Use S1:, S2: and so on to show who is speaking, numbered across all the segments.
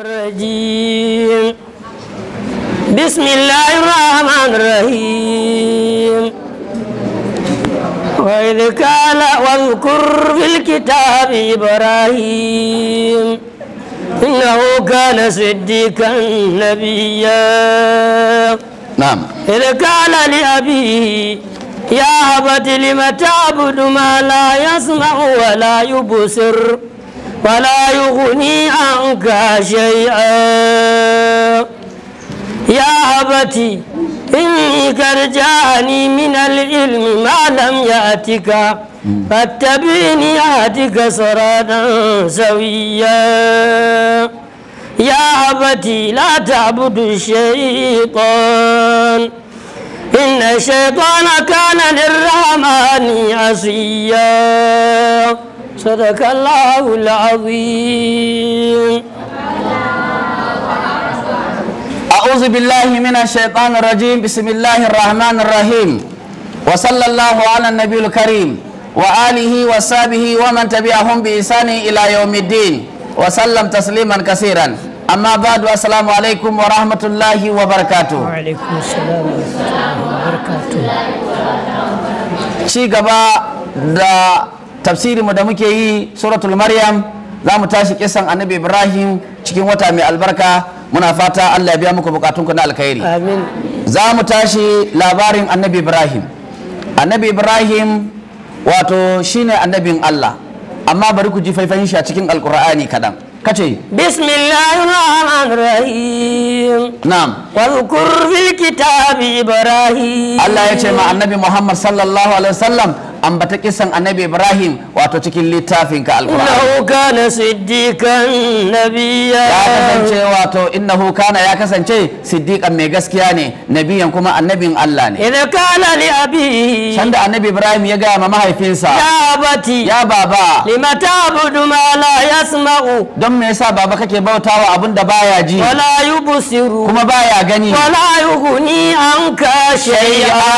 S1: الرجيم بسم الله الرحمن الرحيم وإذ قال واذكر في الكتاب إبراهيم إنه كان صديقا نبيا نعم إذ قال لأبيه يا أبت لم تعبد ما لا يسمع ولا يبصر ولا يغني عنك شيئا يا أبتي إني كرجاني من العلم ما لم يأتك فاتبعني أهدك صراطا سويا يا أبتي لا تعبد الشيطان إن الشيطان كان للرحمن عصيا صدق الله العظيم أعوذ بالله من الشيطان الرجيم بسم الله
S2: الرحمن الرحيم وصلى الله على النبي الكريم وآله وصحبه ومن تبعهم بإحسان إلى يوم الدين وسلم تسليما كثيرا أما بعد والسلام عليكم ورحمة الله وبركاته وعليكم السلام ورحمة الله وبركاته شيء da tafsirinmu da muke yi suratul maryam za mu tashi kisan annabi ibrahim cikin wata mai albarka muna fata allah ya biya muku bukatunku na alkhairi za mu tashi labarin annabi ibrahim annabi ibrahim wato shine annabin allah amma bari ku ji faifayin shi a cikin alkur'ani kadan kace bismillahir rahmanir rahim na'am wadhkur fil kitabi ibrahim allah ya ce ma annabi muhammad sallallahu alaihi wasallam ambata kisan annabi ibrahim wato cikin littafin ka alqur'ani innahu kana siddiqan nabiyya ya kasance wato innahu kana ya kasance siddiqan mai gaskiya ne nabiyan kuma annabin
S1: Allah ne idan kana li abi
S2: sanda annabi ibrahim ya gaya ma mahaifinsa ya
S1: bati ya baba limata ta'budu ma la
S2: yasma'u don me yasa baba kake bautawa
S1: abin da baya ji wala yubsiru kuma baya gani wala yughni anka shay'a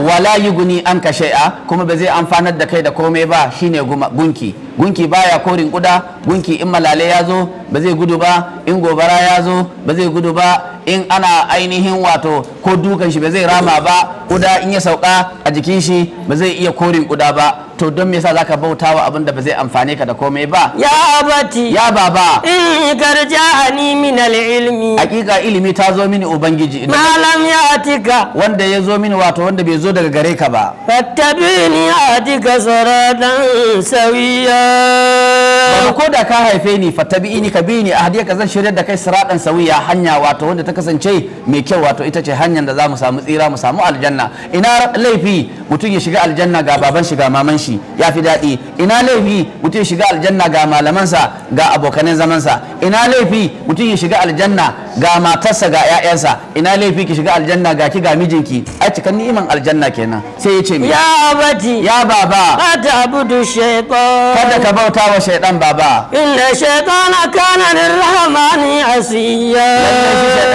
S1: wala
S2: yi guni an ka shai'a kuma ba zai amfanar da kai da komai ba shine gunki gunki baya korin kuda gunki in malale ya zo ba zai gudu ba in gobara ya zo ba zai gudu ba in ana ainihin wato ko dukan shi ba zai rama ba kuda in ya sauka a jikin shi ba zai iya korin kuda ba to don me yasa zaka bauta wa abin da ba zai amfane ka da komai ba ya abati ya baba
S1: in karja'ani min ilmi
S2: hakika ilimi ta zo mini ubangiji malam ya atika wanda ya zo mini wato wanda bai zo daga gare ka ba fattabini atika saratan sawiya ko da ka haife ni fattabi'ini ka bi ni a ka zan shirya da kai siratan sawiya hanya wato wanda ta kasance mai kyau wato ita ce hanyar da za mu samu tsira mu samu aljanna ina laifi mutum ya shiga aljanna ga baban shi ga maman shi ya fi daɗi ina laifi mutum ya shiga aljanna ga malamansa ga abokanin zamansa ina laifi mutum ya shiga aljanna ga matarsa ga 'ya'yansa ina laifi ki shiga aljanna ga ki ga mijinki ai cikan ni'iman aljanna kenan sai ya ce ya abati ya baba
S1: kada budu shaytan kada ka bauta wa shaytan baba illa shaytan kana lirrahmani
S2: asiya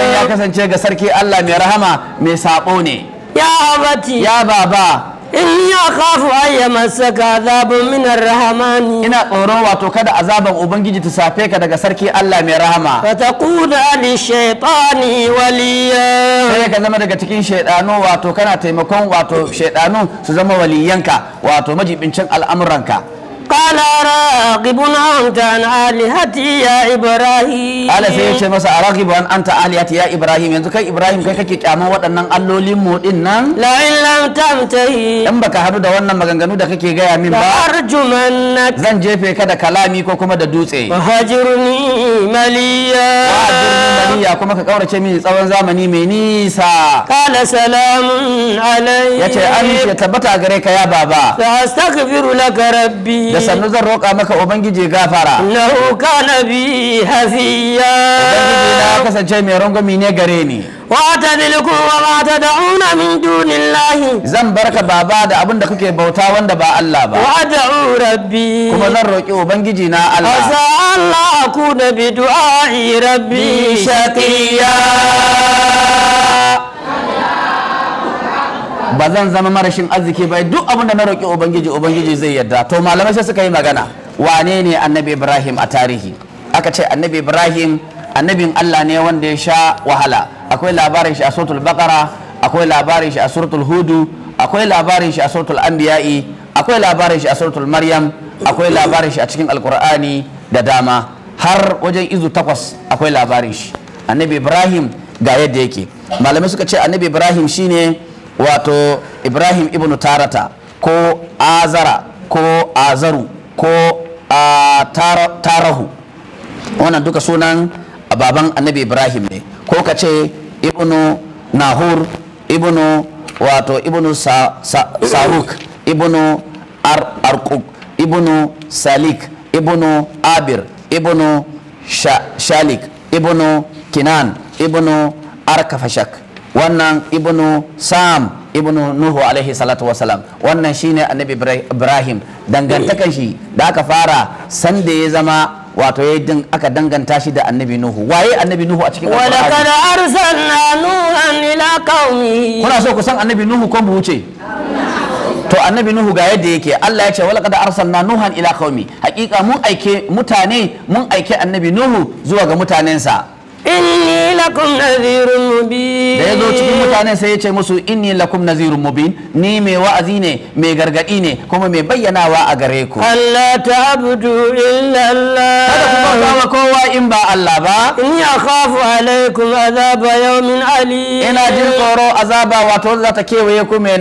S2: wannan ya kasance ga sarki Allah mai rahama mai sabo ne ya abati ya baba in ya kafu ayya masaka azabun minar rahamani ina tsoron wato kada azaban ubangiji ta safe ka daga sarki Allah mai rahama fa taquna ni shaitani waliya sai ka zama daga cikin shaydanu wato kana taimakon wato shaydanu su zama waliyyanka wato majibincin al'amuranka
S1: قال راغب أنت عن آلهتي يا
S2: إبراهيم قال سيد شمس راغب أنت آلهتي يا إبراهيم yanzu kai Ibrahim kai kake kyama waɗannan allolin mu din nan la in lam tamtahi in baka hadu da wannan maganganu da kake gaya min ba arjumannak zan jefe ka da kalami ko kuma da dutse hajirni maliya hajirni maliya kuma ka kaurace mini tsawon zamani mai nisa qala salamun alayhi yace amince tabbata gare ka ya baba fa astaghfiru laka rabbi da sannu zan
S1: roƙa maka ubangiji gafara lahu kana bi hasiya ubangiji na
S2: kasance mai rangwami ne gare ni Wa ta dilku wa ma da'una min dunillahi zan barka baba da abin da kuke bauta wanda ba Allah ba wa da'u rabbi kuma zan roƙi ubangiji na Allah asa Allah da bi du'a'i rabbi shaqiya ba zan zama marashin arziki ba duk abin da na roƙi ubangiji ubangiji zai yarda to malamai sai suka yi magana wane ne annabi ibrahim a tarihi aka ce annabi ibrahim annabin allah ne wanda ya sha wahala akwai labarin shi a suratul baqara akwai labarin shi a suratul hudu akwai labarin shi a suratul anbiya'i akwai labarin shi a suratul maryam akwai labarin shi a cikin alkur'ani da dama har wajen izu takwas akwai labarin shi annabi ibrahim ga yadda yake malamai suka ce annabi ibrahim shine wato ibrahim ibn tarata ko azara ko azaru ko tarahu wannan duka sunan baban annabi ibrahim ne ko ka ce ibn nahur ibnu wato ibn saruk ibn arkuk ibn salik ibnu abir ibnu shalik ibnu kinan ibnu arkafashak wannan ibnu sam ibnu nuhu alaihi salatu wasalam wannan shine annabi ibrahim dangantakan shi da aka fara sanda ya zama wato ya din aka danganta shi da annabi nuhu waye annabi nuhu a cikin alqur'ani wala kana arsalna
S1: nuhan ila qaumi kuna so
S2: ku san annabi nuhu kon buce to annabi nuhu ga yadda yake Allah ya ce wala kada arsalna nuhan ila qaumi hakika mun aike mutane mun aike annabi nuhu zuwa ga mutanensa inni lakum nazirun mubin da yazo cikin mutane sai ya ce musu inni lakum nazirun mubin ni me wa'azi ne me gargadi ne kuma mai bayyanawa a gare ku
S1: Allah ta'budu illa Allah kada ku bauta kowa in ba Allah ba inni akhafu alaikum azaba yawmin ali ina jin tsoro azaba wato zata kewaye ku me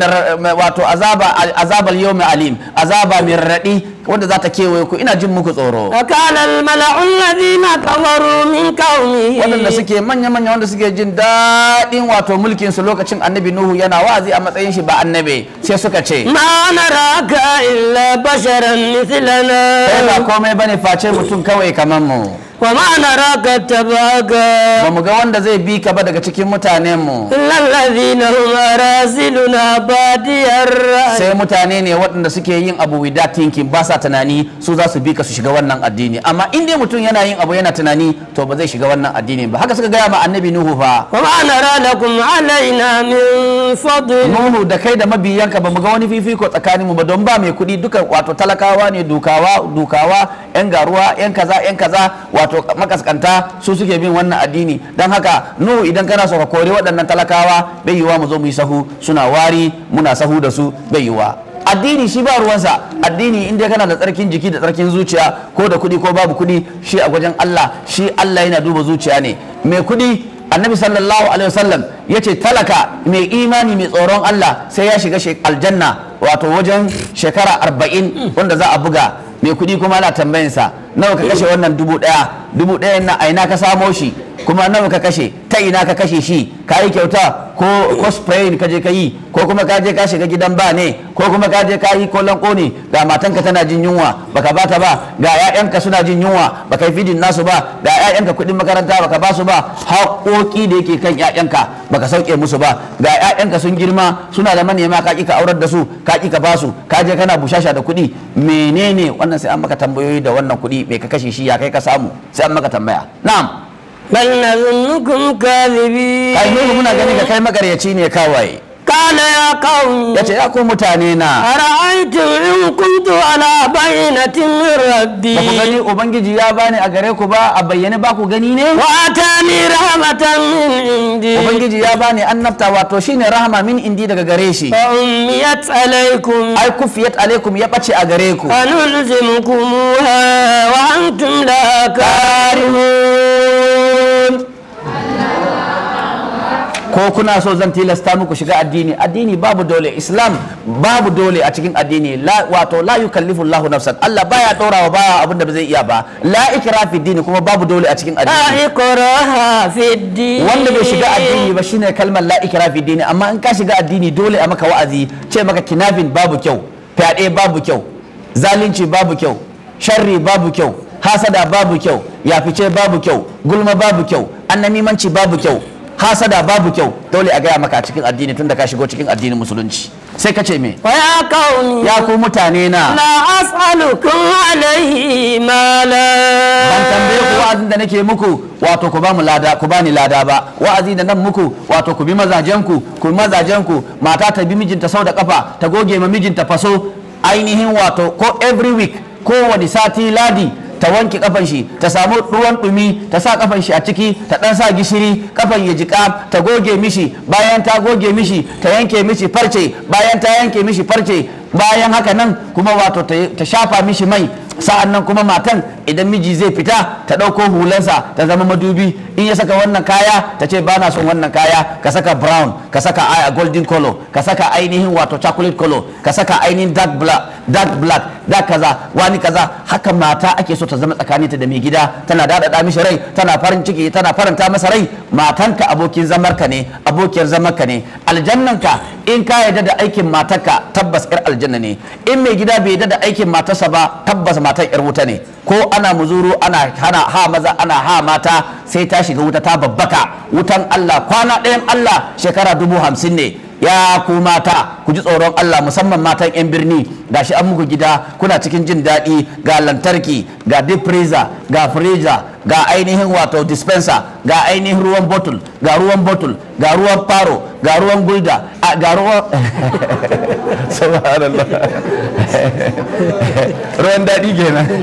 S2: wato azaba azabal yawmi alim azaba mai radi wanda za ta kewaye ku ina jin muku tsoro wakalal mala'un
S1: ladina kafaru
S2: min qaumi Waɗanda suke manya manya wanda suke jin daɗin wato mulkin su lokacin annabi nuhu yana wa'azi a matsayin shi ba annabi sai suka ce ma naraka illa basharan mithlana
S1: ba komai bane face mutum kawai kamar mu wa raka tabaga
S2: ba wanda zai bika ka ba daga cikin mutanen mu lallazina hum arasiluna badiyar sai mutane ne waɗanda suke yin abu without thinking ba sa tunani su za su bi ka su shiga wannan addini amma in dai mutum yana yin abu yana tunani to ba zai shiga wannan addini ba haka suka gaya ma annabi nuhu fa wa ma'ana alaina min nuhu da kai da mabiyanka ba mu ga wani fifiko tsakanin mu ba don ba mai kuɗi duka wato talakawa ne dukawa dukawa yan garuwa yan kaza yan kaza wato wato makaskanta su suke bin wannan addini don haka nu idan kana so ka kore waɗannan talakawa bai yiwa mu zo mu yi sahu suna wari muna sahu da su bai yiwa addini shi ba ruwansa addini inda kana da tsarkin jiki da tsarkin zuciya ko da kuɗi ko babu kuɗi shi a wajen Allah shi Allah yana duba zuciya ne mai kuɗi annabi sallallahu alaihi wasallam ya ce talaka mai imani mai tsoron Allah sai ya shiga aljanna wato wajen shekara arba'in wanda za a buga mai kuɗi kuma ana tambayinsa? nawa ka kashe wannan dubu ɗaya dubu ɗaya na a ina ka samo shi kuma nawa ka kashe ta ina ka kashe shi ka yi kyauta ko cosplay ka je ka yi ko kuma ka je ka shiga gidan ba ne ko kuma ka je ka yi kollon kone ga matanka tana jin yunwa baka bata ba ga ƴaƴanka suna jin yunwa baka fi fidin nasu ba ga ƴaƴanka kuɗin makaranta baka ba su ba haƙoƙi da yake kan ƴaƴanka baka sauke musu ba ga ƴaƴanka sun girma suna da manema ka ka aurar da su ka ka ba su ka je kana bushasha da kuɗi menene wannan sai an maka tambayoyi da wannan kuɗi me ka kashe shi ya kai ka samu sai an maka tambaya
S1: na'am bal nazunnukum
S2: kadhibin kai muna gani ka kai makaryaci ne kawai qala ya qaum yace ya ku mutane na ara'aytu in kuntu ala bayyinatin min rabbi ba ku gani ubangiji ya bani a gare ku ba a bayyane ba ku gani ne wa atani rahmatan min indi ubangiji ya bani annabta wato shine rahama min indi daga gare shi fa ummiyat alaikum
S1: ai kufiyat alaikum ya bace a gare ku anulzimkumuha wa antum la karihun
S2: ko kuna so zan tilasta muku shiga addini addini babu dole islam babu dole a cikin addini wato la yukallifu Allahu nafsan Allah baya daurawa baya abin da ba zai iya ba la ikrafi dini kuma babu dole a cikin addini la ikraha fi dini wanda bai shiga addini ba shine kalmar la ikrafi dini amma in ka shiga addini dole a maka wa'azi ce maka kinafin babu kyau fyaɗe babu kyau zalunci babu kyau sharri babu kyau hasada babu kyau yafice babu kyau gulma babu kyau annamimanci babu kyau hasada babu kyau dole a gaya maka a cikin addini tun da ka shigo cikin addinin musulunci sai ka ce me ya kauni ya ku mutane na la
S1: as'alukum alaihi
S2: mala ban tambaye ku wa'azin da nake muku wato ku ba mu lada ku bani lada ba wa'azi da nan muku wato ku bi mazajen ku ku mazajen ku mata ta bi mijinta sau da kafa ta goge ma mijinta faso ainihin wato ko every week kowane sati ladi ta wanke kafan shi ta samu ruwan dumi ta sa kafan shi a ciki ta dan sa gishiri kafan ya jiƙa, ta goge mishi bayan ta goge mishi ta yanke mishi farce bayan ta yanke mishi farce bayan haka nan kuma wato ta shafa mishi mai sa'an nan kuma matan idan miji zai fita ta ɗauko hulansa ta zama madubi in ya saka wannan kaya ta ce bana son wannan kaya ka saka brown ka saka golden color ka saka ainihin wato chocolate color ka saka ainihin dark black dark black da kaza wani kaza haka mata ake so ta zama tsakaninta da mai gida tana daɗaɗa mishi rai tana farin ciki tana faranta masa rai matanka abokin zamarka ne abokiyar zamarka ne ka in ka yarda da aikin matarka tabbas 'yar aljanna ne in mai gida bai yarda da aikin matarsa ba tabbas matar 'yar wuta ne ko ana muzuru ana hana ha maza ana ha mata sai ta shiga wuta ta babbaka wutan Allah kwana ɗayan Allah shekara dubu hamsin ne ya ku mata ku ji tsoron Allah musamman matan 'yan birni ga shi an muku gida kuna cikin jin daɗi ga lantarki ga deep freezer ga freezer ga ainihin wato dispenser ga ainihin ruwan bottle ga ruwan bottle ga ruwan faro ga ruwan gulda ga ruwan subhanallah ruwan daɗi kenan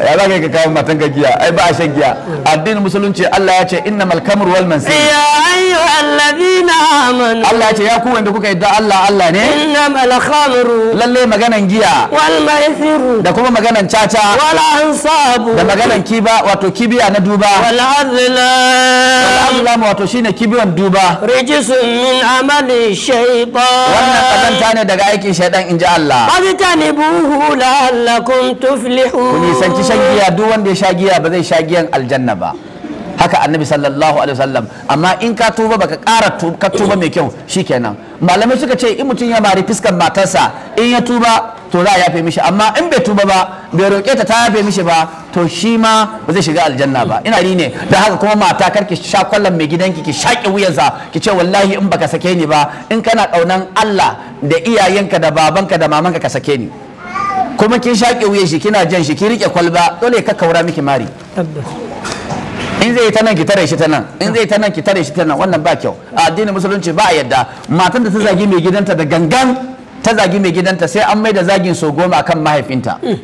S2: ya za ka yi kawo matan ka giya ai ba a shan giya addinin musulunci Allah ya ce inna malkamur wal mansir ya ayyuhallazina amanu Allah ya ce ya ku wanda kuka yadda Allah Allah ne inna malkamur lalle maganan giya wal maisir da kuma maganan caca wala ansabu da maganan kiba wato kibiya na duba wala azlam wato shine kibiyan duba rijisun min amali shaytan wannan kazanta ne daga aikin shaytan inji Allah buhu la'allakum tuflihu kun nisanci shan giya duk wanda ya sha giya ba zai sha giyan aljanna ba haka annabi sallallahu alaihi wasallam amma in ka tuba baka kara ka tuba mai kyau shikenan malamai suka ce in mutum ya mari fiskan matarsa in ya tuba to za a yafe mishi amma in bai tuba ba bai roƙe ta ta yafe mishi ba to shi ma ba zai shiga aljanna ba ina ri ne da haka kuma mata kar ki sha kwallon mai gidanki ki shaƙe wuyansa ki ce wallahi in baka sake ni ba in kana ƙaunan Allah da iyayenka da babanka da mamanka ka sake ni kuma kin shaƙe wuyan shi kina jan shi ki rike kwalba dole ka kaura miki mari in zai ta nan ki tare shi ta nan in zai ta nan ki tare shi ta nan wannan ba kyau a addinin musulunci ba a yadda matan da ta zagi mai gidanta da gangan ta zagi mai gidanta sai an mai da zagin so goma akan mahaifinta hmm.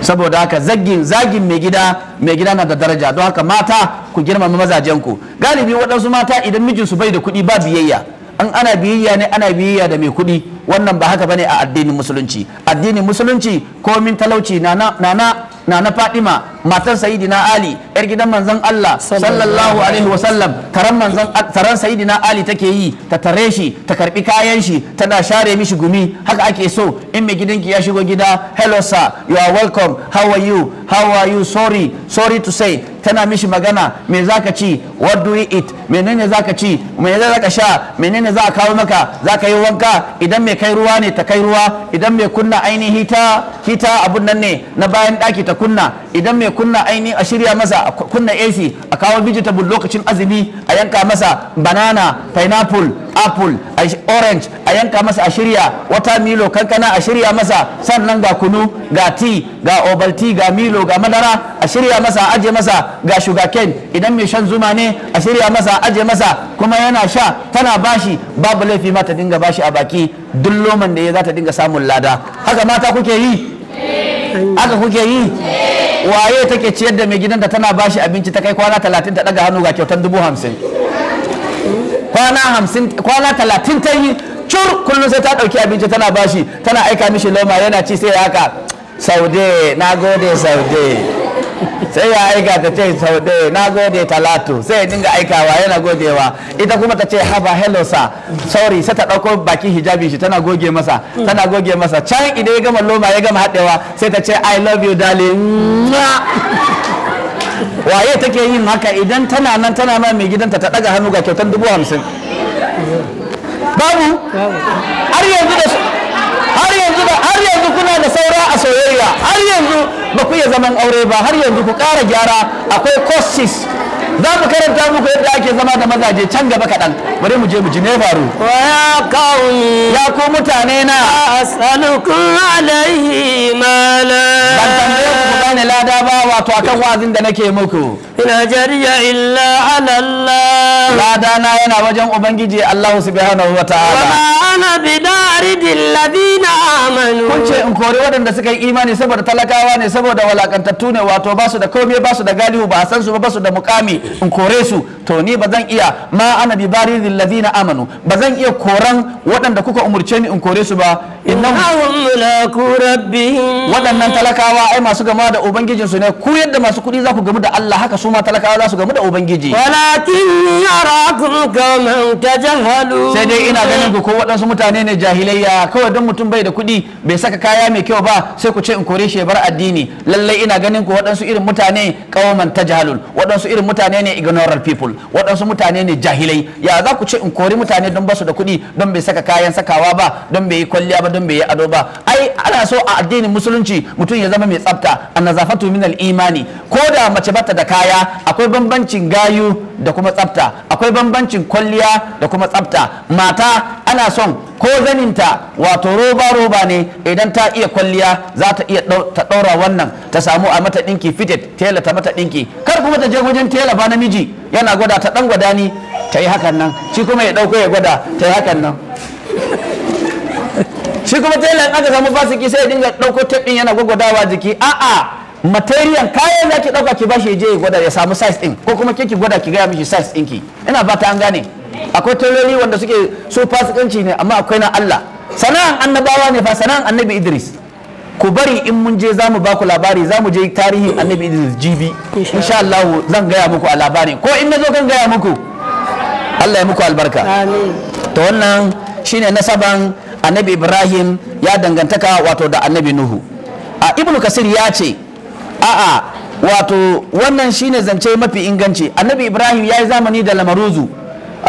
S2: saboda haka zagin zagin mai gida mai gida na da daraja don haka mata ku girmama mazajenku galibi waɗansu mata idan mijinsu bai da kuɗi ba biyayya an ana biyayya ne ana biyayya da mai kuɗi wannan ba haka bane a addinin musulunci addinin musulunci komin talauci na na na Fadima matar Sayyidina Ali yar gidan manzon Allah sallallahu alaihi sallam taran manzon taran Sayyidina Ali take yi ta tare shi ta karbi kayan shi tana share mishi gumi haka ake so in mai gidanki ya shigo gida hello sir you are welcome how are you how are you sorry sorry to say Tana mishi magana me za ka ci what do you eat menene za ka ci menene za ka sha menene za a kawo maka Za ka yi wanka idan mai kai ruwa ne ta kai ruwa idan mai kunna ainihi ta hita abun nan ne na bayan daki ta kunna idan mai kunna aini a shirya masa kunna AC a kawo vegetable lokacin azumi a yanka masa banana pineapple apple orange a yanka masa a shirya wata milo kankana a shirya masa sannan ga kunu ga tea ga obalti ga milo ga madara a shirya masa a aje masa ga shugaken idan mai shan zuma ne a shirya masa aje masa kuma yana sha tana bashi babu laifi ma ta dinga bashi a baki duk loman da ya za ta dinga samun lada haka mata kuke yi haka kuke yi waye take ciyar da mai gidan da tana bashi abinci ta kai kwana talatin ta daga hannu ga kyautan dubu hamsin kwana hamsin kwana talatin ta yi cur kullum sai ta ɗauki abinci tana bashi tana aika mishi loma yana ci sai haka saude na gode saude sai ya aika ta ce sau na gode talatu sai ya dinga aikawa yana gogewa ita kuma ta ce haba hello sa sorry sai ta ɗauko bakin hijabi shi tana goge masa tana goge masa can idan ya gama loma ya gama haɗewa sai ta ce i love you darling waye take yin haka idan tana nan tana nan mai gidanta ta ɗaga hannu ga kyautan dubu hamsin
S1: babu har yanzu da su har yanzu ba har yanzu kuna
S2: da saura a soyayya har yanzu ba ku iya zaman aure ba har yanzu ku kara gyara akwai courses za mu karanta muku yadda ake zama da mazaje can gaba kaɗan bari mu je mu ji ne
S1: faru ya kawun ya ku mutane na as'alukum alaihi mala ban tambaye ku ku lada ba wato akan wazin da nake muku ina jariya illa ala Allah yana wajen ubangiji Allah subhanahu wa ta'ala wa ana bidaridil ladina amanu kun ce in kore
S2: waɗanda suka yi imani saboda talakawa ne saboda walakantattu ne wato ba su da komai ba su da galihu ba san su ba su da mukami in kore su to ni ba zan iya ma ana bidaridil ladina amanu ba zan iya koran waɗanda kuka umurce ni in kore su ba innahum mulaku rabbihim waɗannan talakawa ai masu gama da ubangijinsu ne ku yadda masu kuɗi za ku gamu da Allah haka su al'umma talakawa za su gamu da ubangiji walakin tajahalu sai dai ina ganin ku ko waɗansu mutane ne jahilayya kawai don mutum bai da kuɗi bai saka kaya mai kyau ba sai ku ce in kore shi ya bar addini lallai ina ganin ku waɗansu irin mutane kawaman tajahalul waɗansu irin mutane ne ignoral people waɗansu mutane ne jahilai ya za ku ce in kori mutane don basu da kuɗi don bai saka kayan sakawa ba don bai yi kwalliya ba don bai yi ado ba ai ana so a addinin musulunci mutum ya zama mai tsafta annazafatu min al-imani ko da mace bata da kaya akwai bambancin gayu da kuma tsafta akwai bambancin kwalliya da kuma tsafta mata ana son ko zaninta wato roba roba ne idan ta iya kwalliya za ta iya ta ɗaura wannan ta samu a mata ɗinki fitet tela ta mata ɗinki kar kuma ta je wajen tela ba namiji yana gwada ta ɗan gwada ni ta yi hakan nan shi kuma ya ɗauko ya gwada ta yi hakan nan shi kuma tela in aka samu fasiki sai ya dinga ɗauko taɓin yana gwagwadawa jiki a'a material kayan za ki ɗauka ki bashi je ya gwada ya samu size ɗin ko kuma ke gwada ki gaya mishi size ki? ina fata an gane akwai taurari wanda suke so fasikanci ne amma akwai na Allah sana'an annabawa ne fa sana'an annabi Idris ku bari in mun je zamu mu ba ku labari zamu je tarihin annabi Idris jibi insha Allah zan gaya muku a labarin ko in na zo kan gaya muku Allah ya muku albarka to wannan shine nasaban annabi Ibrahim ya dangantaka wato da annabi Nuhu a Ibn Kasir ya ce a'a wato wannan shine zance mafi inganci annabi ibrahim ya yi zamani da lamaruzu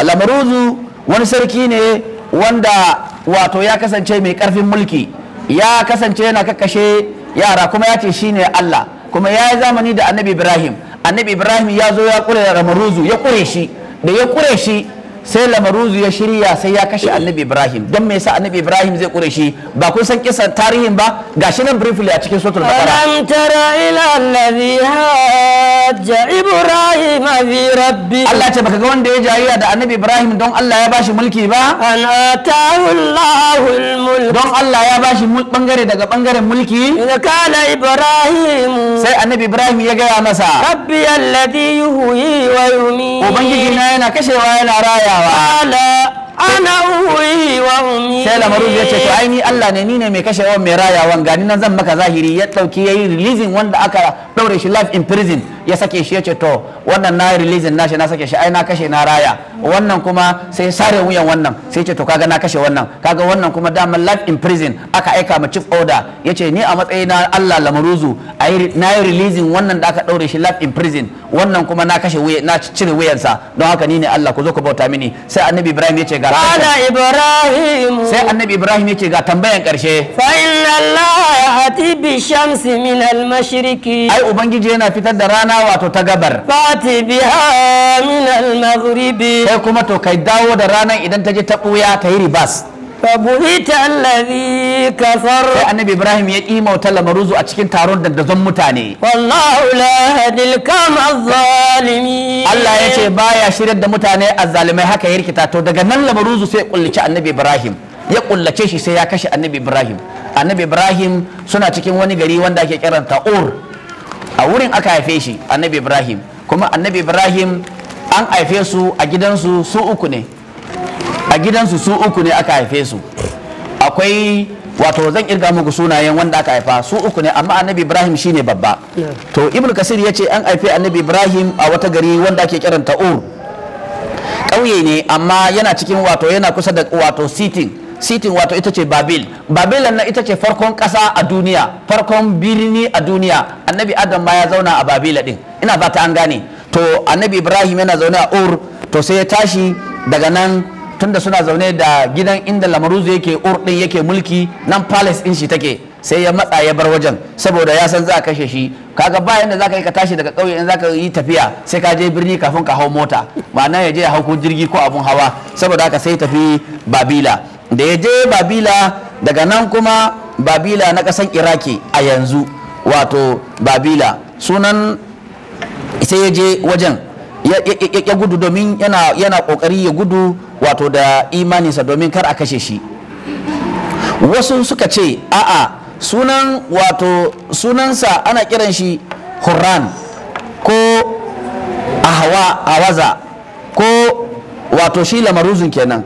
S2: lamaruzu wani sarki ne wanda wato ya kasance mai karfin mulki ya kasance yana kakkashe yara kuma ya ce shine allah kuma ya yi zamani da annabi ibrahim annabi ibrahim ya zo ya kure lamaruzu ya kure shi da ya kure shi sai lamaruzu ya shirya sai ya kashe eh. annabi ibrahim don mai sa annabi ibrahim zai kure shi ba kun san kisan tarihin ba gashi nan briefly a cikin suratul baqara
S1: alam tara ila allazi hajja
S2: ibrahim fi rabbi Allah ce baka ga wanda ya jayya da annabi ibrahim don Allah ya bashi mulki ba an atahu allahu almulk don Allah ya bashi bangare daga bangaren
S1: mulki Ina kana ibrahim sai annabi ibrahim ya gaya masa rabbi alladhi yuhyi wa yumiit ubangiji na yana kashewa yana raya ana uwi wa umi sai lamarin ya ce to ai ni Allah ne ni ne mai kashewa mai rayawan gani
S2: nan zan maka zahiri ya dauki yayi releasing wanda aka daure shi life in prison ya sake shi ya ce to wannan na releasing nashi na sake shi ai na kashe na raya wannan kuma sai sare wuyan wannan sai ce to kaga na kashe wannan kaga wannan kuma damar life in prison aka aika ma chief order ya ce ni a matsayina Allah lamaruzu na yi releasing wannan da aka ɗaure shi life in prison wannan kuma na kashe wuya na cire wuyansa don haka ni ne Allah ku zo ku bauta mini sai annabi Ibrahim ce ga kana Ibrahim sai annabi Ibrahim ce ga tambayan karshe fa
S1: inna Allah ya'ti bi shamsi min al mashriqi ai ubangiji yana fitar da rana wato ta gabar fati biha min al maghribi sai kuma to kai dawo da ranan idan ta je
S2: ta buya ta yi ribas fabuhita allazi kafar sai annabi ibrahim ya kimauta lamaruzu a cikin taron dandazon mutane
S1: wallahu la hadil kam Allah
S2: Allah ce baya shirar da mutane azzalimai haka ya rikita to daga nan lamaruzu sai kullace annabi ibrahim ya kullace shi sai ya kashe annabi ibrahim annabi ibrahim suna cikin wani gari wanda ake kiranta ur a wurin aka haife shi annabi ibrahim kuma annabi ibrahim an haife su a gidansu su uku ne a gidansu su uku ne aka haife su akwai wato zan kirga muku sunayen wanda aka haifa su uku ne amma annabi ibrahim shine babba to ibnu kasir ya ce an haife annabi ibrahim a wata gari wanda ake kiran ta'ur ƙauye ne amma yana cikin wato yana kusa da wato sitin sitin wato ita ce babil babil nan ita ce farkon ƙasa a duniya farkon birni a duniya annabi adam ma ya zauna a babila din ina ba ta an gane to annabi ibrahim yana zaune a ur to sai ya tashi daga nan tunda suna zaune da gidan inda lamaruzu yake urdin yake mulki nan palace din shi take sai ya matsa ya bar wajen saboda ya san za kashe shi kaga ba yanda zaka yi ka tashi daga kauye in zaka yi tafiya sai ka je birni kafin ka hau mota ma'ana ya je ya hau jirgi ko abun hawa saboda haka sai tafi babila da ya je babila daga nan kuma babila na kasan iraki a yanzu wato babila sunan sai ya je wajen ya gudu domin yana kokari ya gudu wato da imaninsa domin kar a kashe shi wasu suka ce a'a sunan wato sunansa ana kiran shi hurran ko ahawa awaza ko wato shi lamaruzun kenan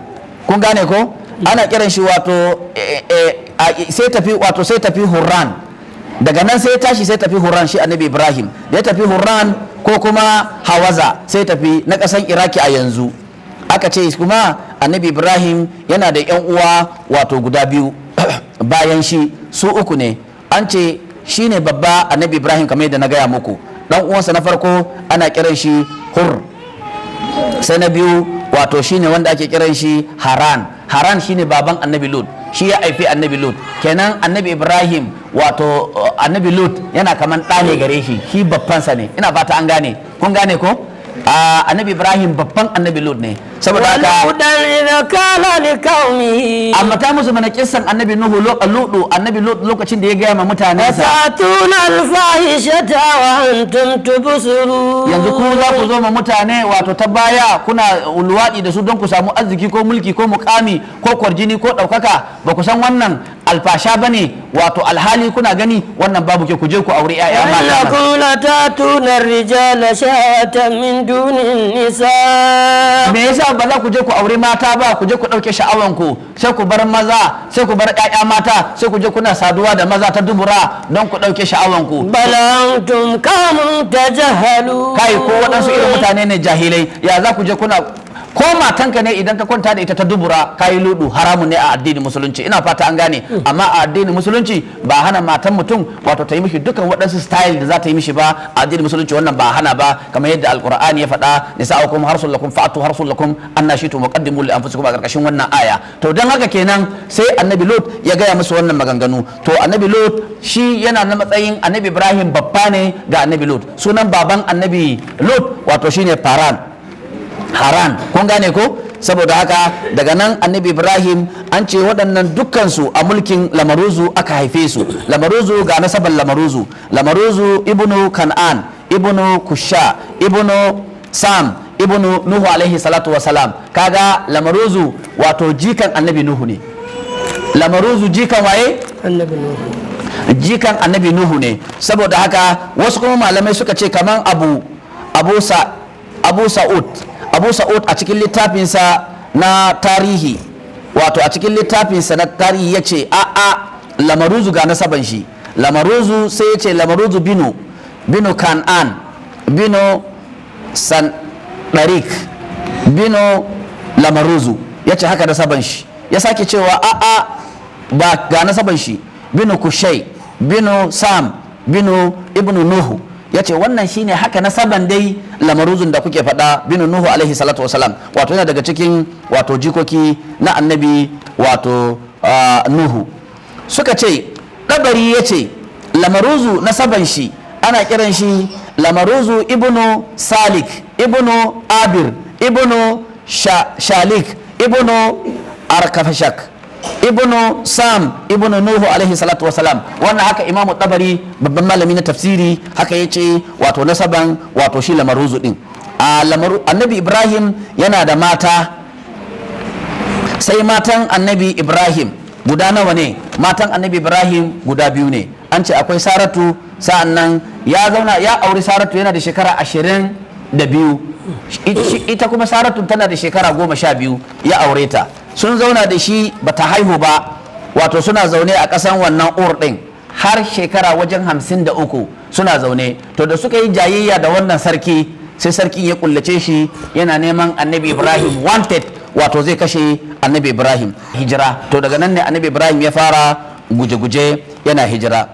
S2: kun gane ko ana kiran shi wato eh, eh, eh, sai tafi wato sai tafi hurran daga nan sai tashi sai tafi hurran shi annabi ibrahim da ya tafi hurran ko kuma hawaza sai tafi na kasan iraki a yanzu aka ce kuma annabi ibrahim yana da yan uwa wato guda biyu bayan shi su uku ne an ce shi ne babba annabi ibrahim kamar yadda na gaya muku dan uwansa na farko ana kiran shi hur sai na biyu wato shi ne wanda ake kiran shi haran haran shi ne baban annabi lut shi ya haifi annabi lut kenan annabi ibrahim wato uh, annabi lut yana kaman ɗane gare shi shi babbansa ne ina fata an gane kun gane ko annabi ibrahim babban annabi lud ne saboda haka
S1: ina kala
S2: ni kaumi amma ta musu mana kissan annabi nuhu ludu annabi lud lokacin da ya gaya ma mutane sa satuna alfahishata wa antum tubsirun yanzu ku za ku zo ma mutane wato ta baya kuna luwaɗi da su don ku samu arziki ko mulki ko mukami ko kwarjini ko ɗaukaka ba ku san wannan alfasha ba ne wato alhali kuna gani wannan babu ke ku je ku aure 'ya'ya mata. Kula ta tuna tatuna rijala
S1: sha'atan min dunin nisa me yasa ba za ku je ku aure mata ba ku je ku
S2: dauke sha'awan ku sai ku bar maza sai ku bar ƴaƴa mata sai ku je kuna saduwa da maza ta dubura don ku dauke sha'awan ku balantum kamun tajahalu kai ko waɗansu irin mutane ne jahilai ya za ku je kuna ko matanka ne idan ka kwanta da ita ta dubura ka yi ludu haramun ne a addinin musulunci ina fata an gane mm. amma a addinin musulunci ba hana matan mutum wato ta yi mishi dukan waɗansu style da za ta yi mishi ba a addinin musulunci wannan ba hana ba kamar yadda alqur'ani ya faɗa nisa'ukum harsul lakum fa'atu harsul lakum annashitu muqaddimu li anfusikum a karkashin wannan aya to dan haka kenan sai annabi lut ya gaya musu wannan maganganu to annabi lut shi yana na matsayin annabi ibrahim babba ne ga annabi lut sunan baban annabi lut wato shine faran haran kun gane ko saboda haka daga nan annabi ibrahim an ce waɗannan dukkansu a mulkin lamaruzu aka haife su lamaruzu ga nasabar lamaruzu lamaruzu ibnu kan'an ibnu kusha ibnu sam ibnu nuhu alaihi salatu wasalam kaga lamaruzu wato jikan annabi nuhu ne lamaruzu jikan waye annabi nuhu jikan annabi nuhu ne saboda haka wasu kuma malamai suka ce kaman abu abu sa abu sa'ud abu sa'ud a cikin littafinsa na tarihi wato a cikin littafinsa na tarihi ya ce a a lamaruzu ga nasaban shi lamaruzu sai ya ce lamaruzu binu binu kan'an binu san ɗarik binu lamaruzu ya ce haka nasaban shi ya sake cewa a a ba ga nasaban shi binu kushai binu sam binu ibnu nuhu ya ce wannan shine haka nasaban dai lamaruzun da kuke faɗa binu nuhu alaihi salatu wasalam wato yana daga cikin wato jikoki na annabi wato nuhu suka ce kabari ya ce lamaruzu nasaban shi ana kiran shi lamaruzu ibnu salik ibnu abir ibnu shalik ibnu arkafashak ibnu sam ibnu nuhu alaihi salatu wasalam wannan haka imamu tabari babban malami na tafsiri haka ya ce wato nasaban wato shi lamaruzu din annabi ibrahim yana da mata sai matan annabi ibrahim guda nawa ne matan annabi ibrahim guda biyu ne an ce akwai saratu sa'an nan ya zauna ya auri saratu yana da shekara ashirin da biyu ita kuma saratu tana da shekara goma sha biyu ya aure ta sun zauna da shi ba ta haihu ba wato suna zaune a ƙasan wannan ur ɗin har shekara wajen hamsin da uku suna zaune to da suka yi jayayya da wannan sarki sai sarkin ya kullace shi yana neman annabi ibrahim wanted wato zai kashe annabi ibrahim hijira to daga nan ne annabi ibrahim ya fara guje-guje yana hijira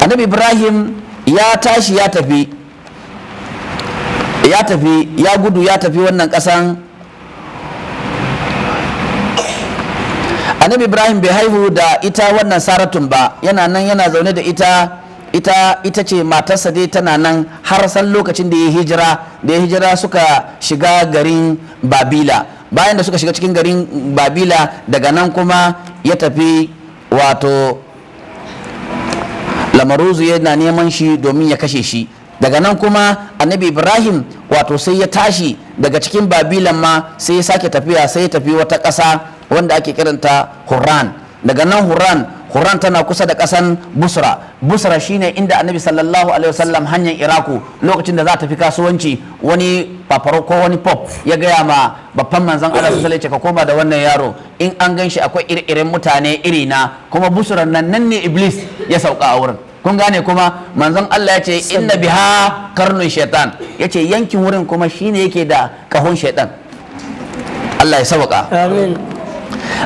S2: annabi ibrahim ya tashi ya tafi ya tafi ya gudu ya tafi wannan ƙasan annabi ibrahim bai haihu da ita wannan saratun ba yana nan yana zaune da ita ita ita ce matarsa dai tana nan har san lokacin da ya hijira da ya hijira suka shiga garin babila bayan da suka shiga cikin garin babila daga nan kuma ya tafi wato lamaruzu yana neman shi domin ya kashe shi daga nan kuma annabi ibrahim wato sai ya tashi daga cikin babilan ma sai ya sake tafiya sai ya tafi wata ƙasa wanda ake kiranta Hurran daga nan Hurran Hurran tana kusa da ƙasan Busra Busra shine inda Annabi sallallahu alaihi wasallam hanyar Iraku lokacin da za ta fi kasuwanci wani paparo ko wani pop ya gaya ma babban manzon Allah sallallahu alaihi ka koma da wannan yaro in an gan shi akwai ire-iren mutane iri na kuma busra nan nan ne Iblis ya sauka a wurin kun gane kuma manzon Allah ya ce inna biha karnun shaitan ya ce yankin wurin kuma shine yake da kahon shaitan Allah ya sauka amin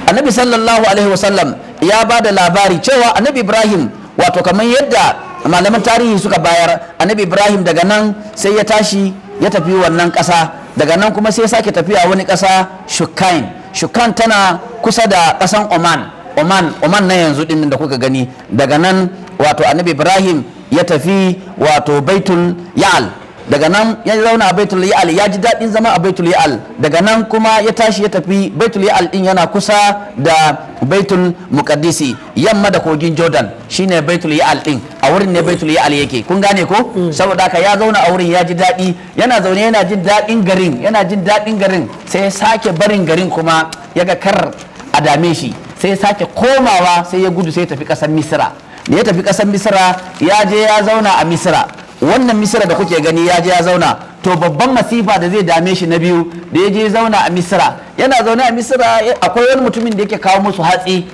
S2: annabi sallallahu alaihi wasallam ya ba da labari cewa annabi ibrahim wato kamar yadda malaman tarihi suka bayar annabi ibrahim daga nan sai ya tashi ya tafi wannan ƙasa daga nan kuma sai ya sake tafiya wani ƙasa shukain shukan tana kusa da ƙasan oman oman oman na yanzu din da kuka gani daga nan wato annabi ibrahim ya tafi wato baitul ya'al daga nan ya zauna a baitul ya'al ya ji daɗin zama a baitul ya'al daga nan kuma ya tashi ya tafi baitul ya'al din yana kusa da baitul muqaddisi yamma da kogin jordan shine baitul ya'al din a wurin ne baitul ya'al yake kun gane ko mm. saboda haka ya zauna a wurin ya ji daɗi yana zaune yana jin daɗin garin yana jin daɗin garin sai ya sake barin garin kuma ya ga kar a dame shi sai ya sake komawa sai ya gudu sai ya tafi ƙasar misira da ya tafi ƙasar misira ya je ya zauna a misira wannan misira da kuke gani ya je ya zauna to babban masifa da zai dame shi na biyu da ya je zauna a misira yana zaune a misira akwai wani mutumin da yake kawo musu hatsi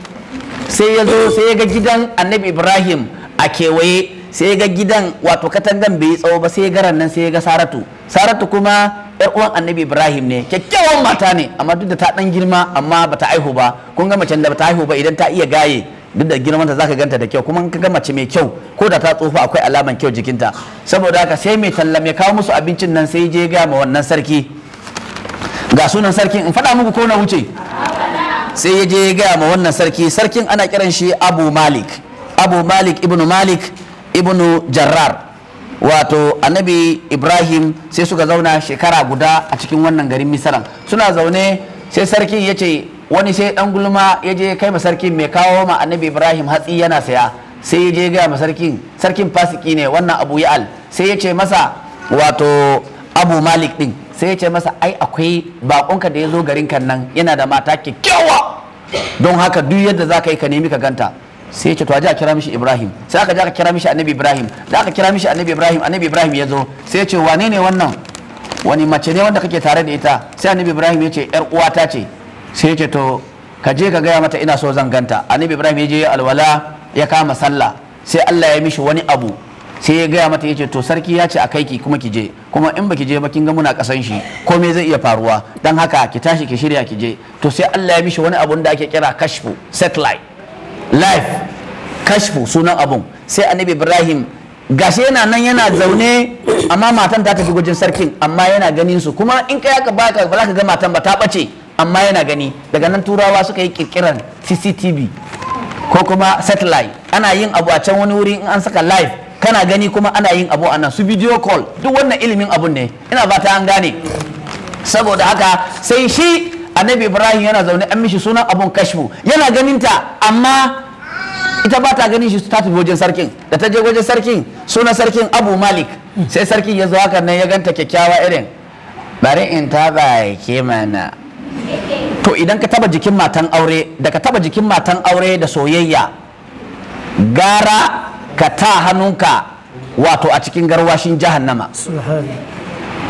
S2: sai ya zo sai ya ga gidan annabi ibrahim a kewaye sai ya ga gidan wato katangan bai yi tsawo ba sai ya garan nan sai ya ga saratu saratu kuma yar uwan annabi ibrahim ne kyakkyawan mata ne amma duk da ta dan girma amma bata aihu ba kun ga macen da bata aihu ba idan ta iya gaye duk da girmanta zaka ganta da kyau kuma ka ga mace mai kyau ko da ta tsufa akwai alaman kyau jikinta saboda haka sai mai tallam ya kawo musu abincin nan sai je ga wannan sarki ga sunan sarkin in faɗa muku ko na wuce sai ya je ya gaya ma wannan sarki sarkin ana kiran shi abu malik abu malik ibnu malik ibnu jarrar wato annabi ibrahim sai suka zauna shekara guda a cikin wannan garin misalan suna zaune sai sarkin ya ce wani sai dan gulma ya je kai ma sarkin mai kawo ma annabi ibrahim hatsi yana saya sai ya je ga ma sarkin sarkin fasiki ne wannan abu ya'al sai ya ce masa wato abu malik din sai ya ce masa ai akwai bakonka da ya zo garin kan nan yana da mata kyakkyawa don haka duk yadda za ka yi ka nemi ka ganta sai ya ce to a kira mishi Ibrahim sai aka je aka kira mishi Annabi Ibrahim da aka kira mishi Annabi Ibrahim Annabi Ibrahim ya zo sai ya ce wane ne wannan wani mace ne wanda kake tare da ita sai Annabi Ibrahim ya ce yar uwata ce sai ce to ka je ka gaya mata ina so zan ganta annabi ibrahim ya je alwala ya kama sallah sai allah ya mishi wani abu sai ya gaya mata ya ce to sarki ya ce a kai ki kuma ki je kuma in baki je ba kin ga muna kasan shi komai zai iya faruwa dan haka ki tashi ki shirya ki je to sai Allah ya mishi wani abun da ake kira kashfu satellite life kashfu sunan abun sai annabi Ibrahim gashi yana nan yana zaune amma matan ta tafi gujin sarkin amma yana ganin su kuma in kai ka baka ba za ka ga matan ba ta bace amma yana gani daga nan turawa suka yi kirkiran cctv ko kuma satellite ana yin abu a can wani wuri in an saka live kana gani kuma ana yin abu a nan su video call duk wannan ilimin abun ne ina ba ta an gane saboda haka sai shi annabi ibrahim yana zaune an mishi sunan abun kashfu yana ganinta amma ita ba ta ganin shi ta tafi wajen sarkin da ta je wajen sarkin sunan sarkin abu malik sai sarkin ya zo haka nan ya ganta kyakkyawa irin bari in ta ba ke mana to idan ka taba jikin matan aure da ka taba jikin matan aure da soyayya gara ka ta hannunka wato a cikin garwashin jahannama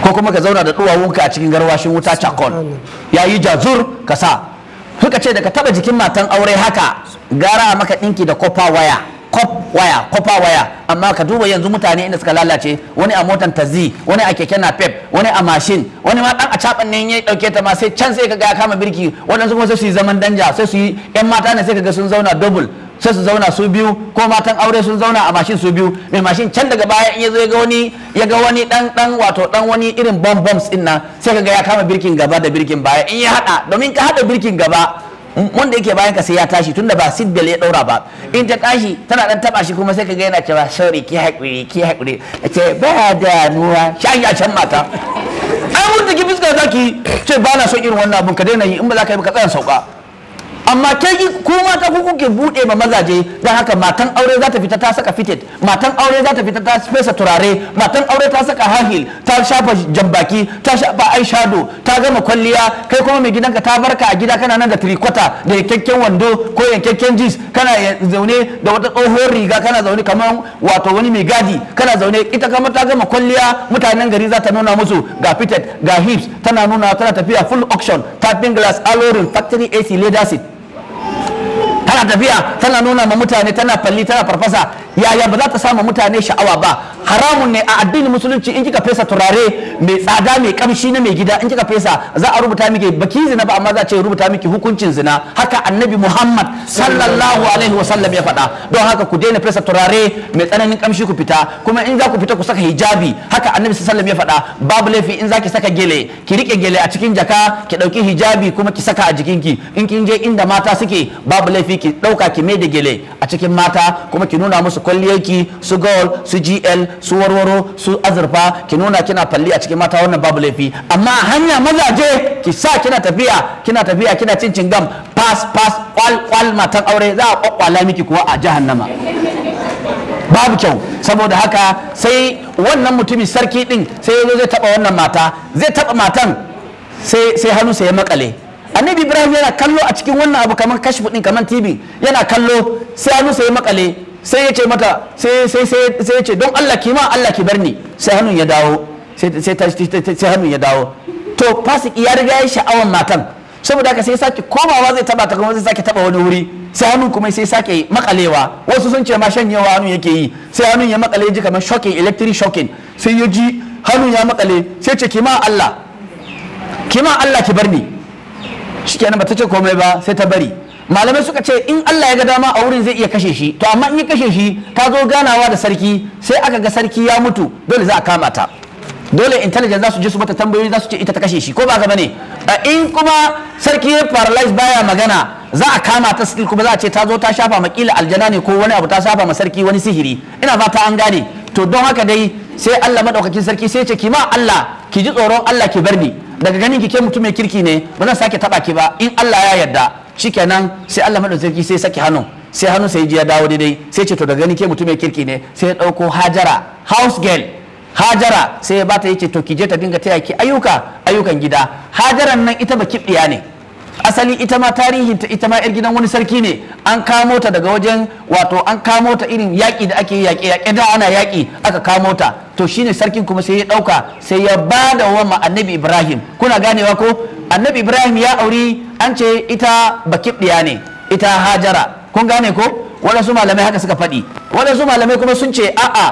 S2: ko kuma ka zauna da duwawunka a cikin garwashin wuta cakon ya yi jazur ka sa suka ce da ka taba jikin matan aure haka gara maka ɗinki da kofa waya cop waya copper waya amma ka duba yanzu mutane inda suka lalace wani a motan tazi wani a keke na pep wani a mashin wani ma dan a caban ne ya dauke ta ma sai can sai kaga ya kama birki waɗansu kuma sai su yi zaman danja sai su yi yan mata ne sai kaga sun zauna double sai su zauna su biyu ko matan aure sun zauna a mashin su biyu mai mashin can daga baya in ya ya ga wani ya ga wani dan dan wato dan wani irin bomb bombs din nan sai kaga ya kama birkin gaba da birkin baya in ya hada domin ka hada birkin gaba wanda yake bayan ka sai ya tashi tunda ba seat belt ya daura ba in ta tashi tana dan taba shi kuma sai ka ga yana cewa sorry ki hakuri ki hakuri ce ba da nuwa shan ya can mata ai mun take fuska zaki ce ba na so irin wannan abun ka daina yi in ba za ka yi ba ka tsaya sauka amma ke ku mata ku kuke bude ma mazaje dan haka matan aure za ta fita ta saka fitted matan aure za ta fita ta fesa turare matan aure ta saka hahil ta shafa jambaki ta shafa shadow ta gama kwalliya kai kuma mai gidanka ta barka a gida kana nan da tricota da yankakken wando ko yankakken jeans kana zaune da wata tsohon riga kana zaune kamar wato wani mai gadi kana zaune ita kamar ta gama kwalliya mutanen gari za ta nuna musu ga fitted ga hips tana nuna tana tafiya full auction tapping glass alloy factory AC leather seat tana tafiya tana nuna ma mutane tana falli tana farfasa yaya ba za ta samu mutane sha'awa ba haramun ne a addinin musulunci in kika fesa turare mai tsada mai kamshi na mai gida in kika fesa za a rubuta miki baki zina ba amma za ce rubuta miki hukuncin zina haka annabi muhammad sallallahu alaihi wa sallam ya faɗa don haka ku daina fesa turare mai tsananin kamshi ku fita kuma in za ku fita ku saka hijabi haka annabi sallallahu ya faɗa babu laifi in za ki saka gele ki rike gele a cikin jaka ki ɗauki hijabi kuma ki saka a jikinki in kin je inda mata suke babu laifi ki ɗauka ki mai da gele a cikin mata kuma ki nuna musu kwalliyarki su gol su gl su warwaro su azurfa ki nuna kina falli a cikin mata wannan babu laifi amma hanya mazaje ki sa kina tafiya kina tafiya kina cin gam pass pass kwal kwal matan aure za a kwakwala miki kuwa a jahannama babu kyau saboda haka sai wannan mutumin sarki din sai yazo zai taba wannan mata zai taba matan sai sai hannu sai ya makale annabi ibrahim yana kallo a cikin wannan abu kamar kashfu din kamar tv yana kallo sai sai ya makale sai ya ce mata sai sai sai ya ce don Allah ki ma Allah ki bar ni sai hannun ya dawo sai sai hannun ya dawo to fasiki ya riga ya sha'awan matan saboda haka sai sake komawa zai taba ta kuma zai sake taba wani wuri sai hannun kuma sai sake makalewa wasu sun ce ma yawa hannun yake yi sai hannun ya makale ji kamar shocking electric shocking sai ya ji hannun ya makale sai ce ki ma Allah ki ma Allah ki bar ni shikenan ba ta ce komai ba sai ta bari malamai suka ce in Allah ya ga dama a wurin zai iya kashe shi to amma in ya kashe shi ta zo ganawa da sarki sai aka ga sarki ya mutu dole za a kama ta dole intelligence za su je su mata tambayoyi za su ce ita ta kashe shi ko ba ga bane in kuma sarki ya paralyze baya magana za a kama ta sarki kuma za a ce ta zo ta shafa makila aljana ne ko wani abu ta shafa ma sarki wani sihiri ina fata an gane to don haka dai sai Allah madaukakin sarki sai ce kima Allah ki ji tsoron Allah ki bar ni daga ganin ki ke mutum mai kirki ne ba zan sake taba ki ba in Allah ya yarda nan sai Allah sarki sai saki hannu sai hannu sai ya dawo daidai sai ce to da gani ke mutumin kirki ne sai ya dauko Hajara house girl Hajara sai ya bata yace to ki je ta dinga taya ki ayyuka ayyukan gida Hajaran nan ita ba kibiya ne asali ita ma tarihinta ita ma yar gidan wani sarki ne an kamo ta daga wajen wato an kamo ta irin yaƙi da ake yaƙe yaƙe da ana yaƙi aka kamo ta to shine sarkin kuma sai ya ɗauka sai ya ba da wa annabi ibrahim kuna ganewa ko annabi ibrahim ya aure an ce ita bakibdiya ne ita hajara kun gane ko waɗansu malamai haka suka faɗi waɗansu malamai kuma sun ce a'a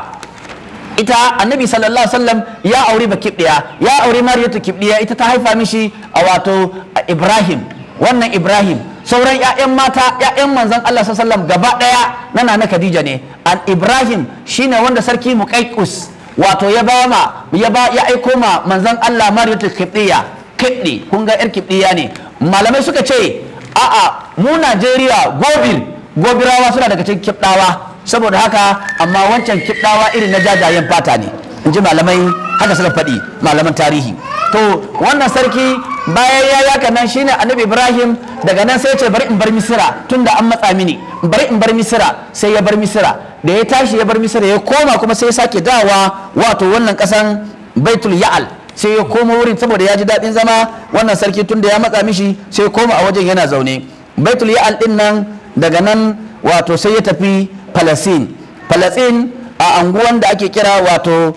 S2: ita annabi sallallahu sallam ya aure auri bakibdiya ya aure mariyatu kibdiya ita ta haifa mishi a wato ibrahim wannan ibrahim sauran 'ya'yan mata 'ya'yan manzon allah sallam gaba ɗaya na nana khadija ne an ibrahim shine wanda sarki muqaiqus wato ya ba ya aiko ma manzon allah mariyatu kibdiya kiɗɗi kun ga yar kiɗɗiya ne malamai suka ce a'a mu najeriya gobir gobirawa suna daga cikin kiɗɗawa saboda haka amma wancan kibɗawa irin na jajayen fata ne in ji malamai haka suka faɗi malaman tarihi to wannan sarki bayan ya yaka nan shine annabi ibrahim daga nan sai ce bari in bar misira tun da an matsa mini bari in bar misira sai ya bar misira da ya tashi ya bar misira ya koma kuma sai ya sake dawa wato wannan kasan baitul ya'al sai ya koma wurin saboda ya ji daɗin zama wannan sarki tun da ya matsa mishi sai ya koma a wajen yana zaune baitul ya'al din nan daga nan wato sai ya tafi palasin palasin a anguwan da ake kira wato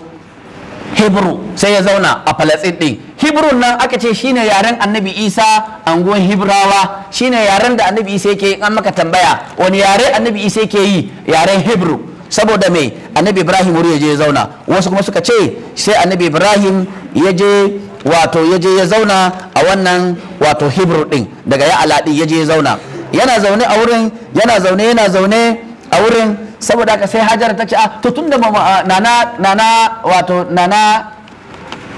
S2: hebru sai ya zauna a palasin din hebru nan aka ce shine yaren annabi isa anguwan hebrawa shine yaren da annabi isa yake an maka tambaya wani yare annabi isa yake yi yaren hebru saboda mai annabi ibrahim wuri ya ya zauna wasu kuma suka ce sai annabi ibrahim ya je wato ya ya zauna a wannan wato hebrew din daga ya aladi ya je ya zauna yana zaune a wurin yana zaune yana zaune a wurin saboda ka sai hajara ta ce a ah, to tunda ah, nana nana wato nana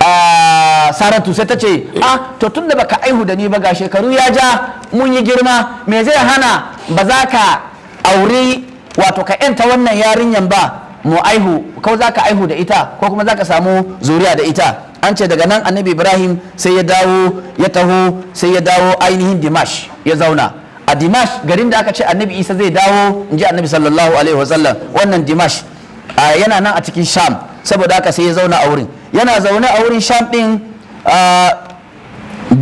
S2: ah, saratu sai ta ce a to tunda baka aihu da ni ba ga shekaru ya ja mun yi girma me zai hana ba za ka aure wato ka yanta wannan yarinyan ba mu aihu ko za ka aihu da ita ko kuma za ka samu zuriya da ita an ce daga nan annabi ibrahim sai ya dawo ya taho sai ya dawo ainihin dimash ya zauna a dimash garin da aka ce annabi isa zai dawo in ji annabi sallallahu alaihi wasallam wannan dimash yana nan a cikin sham saboda haka sai ya zauna a wurin yana zaune a wurin sham din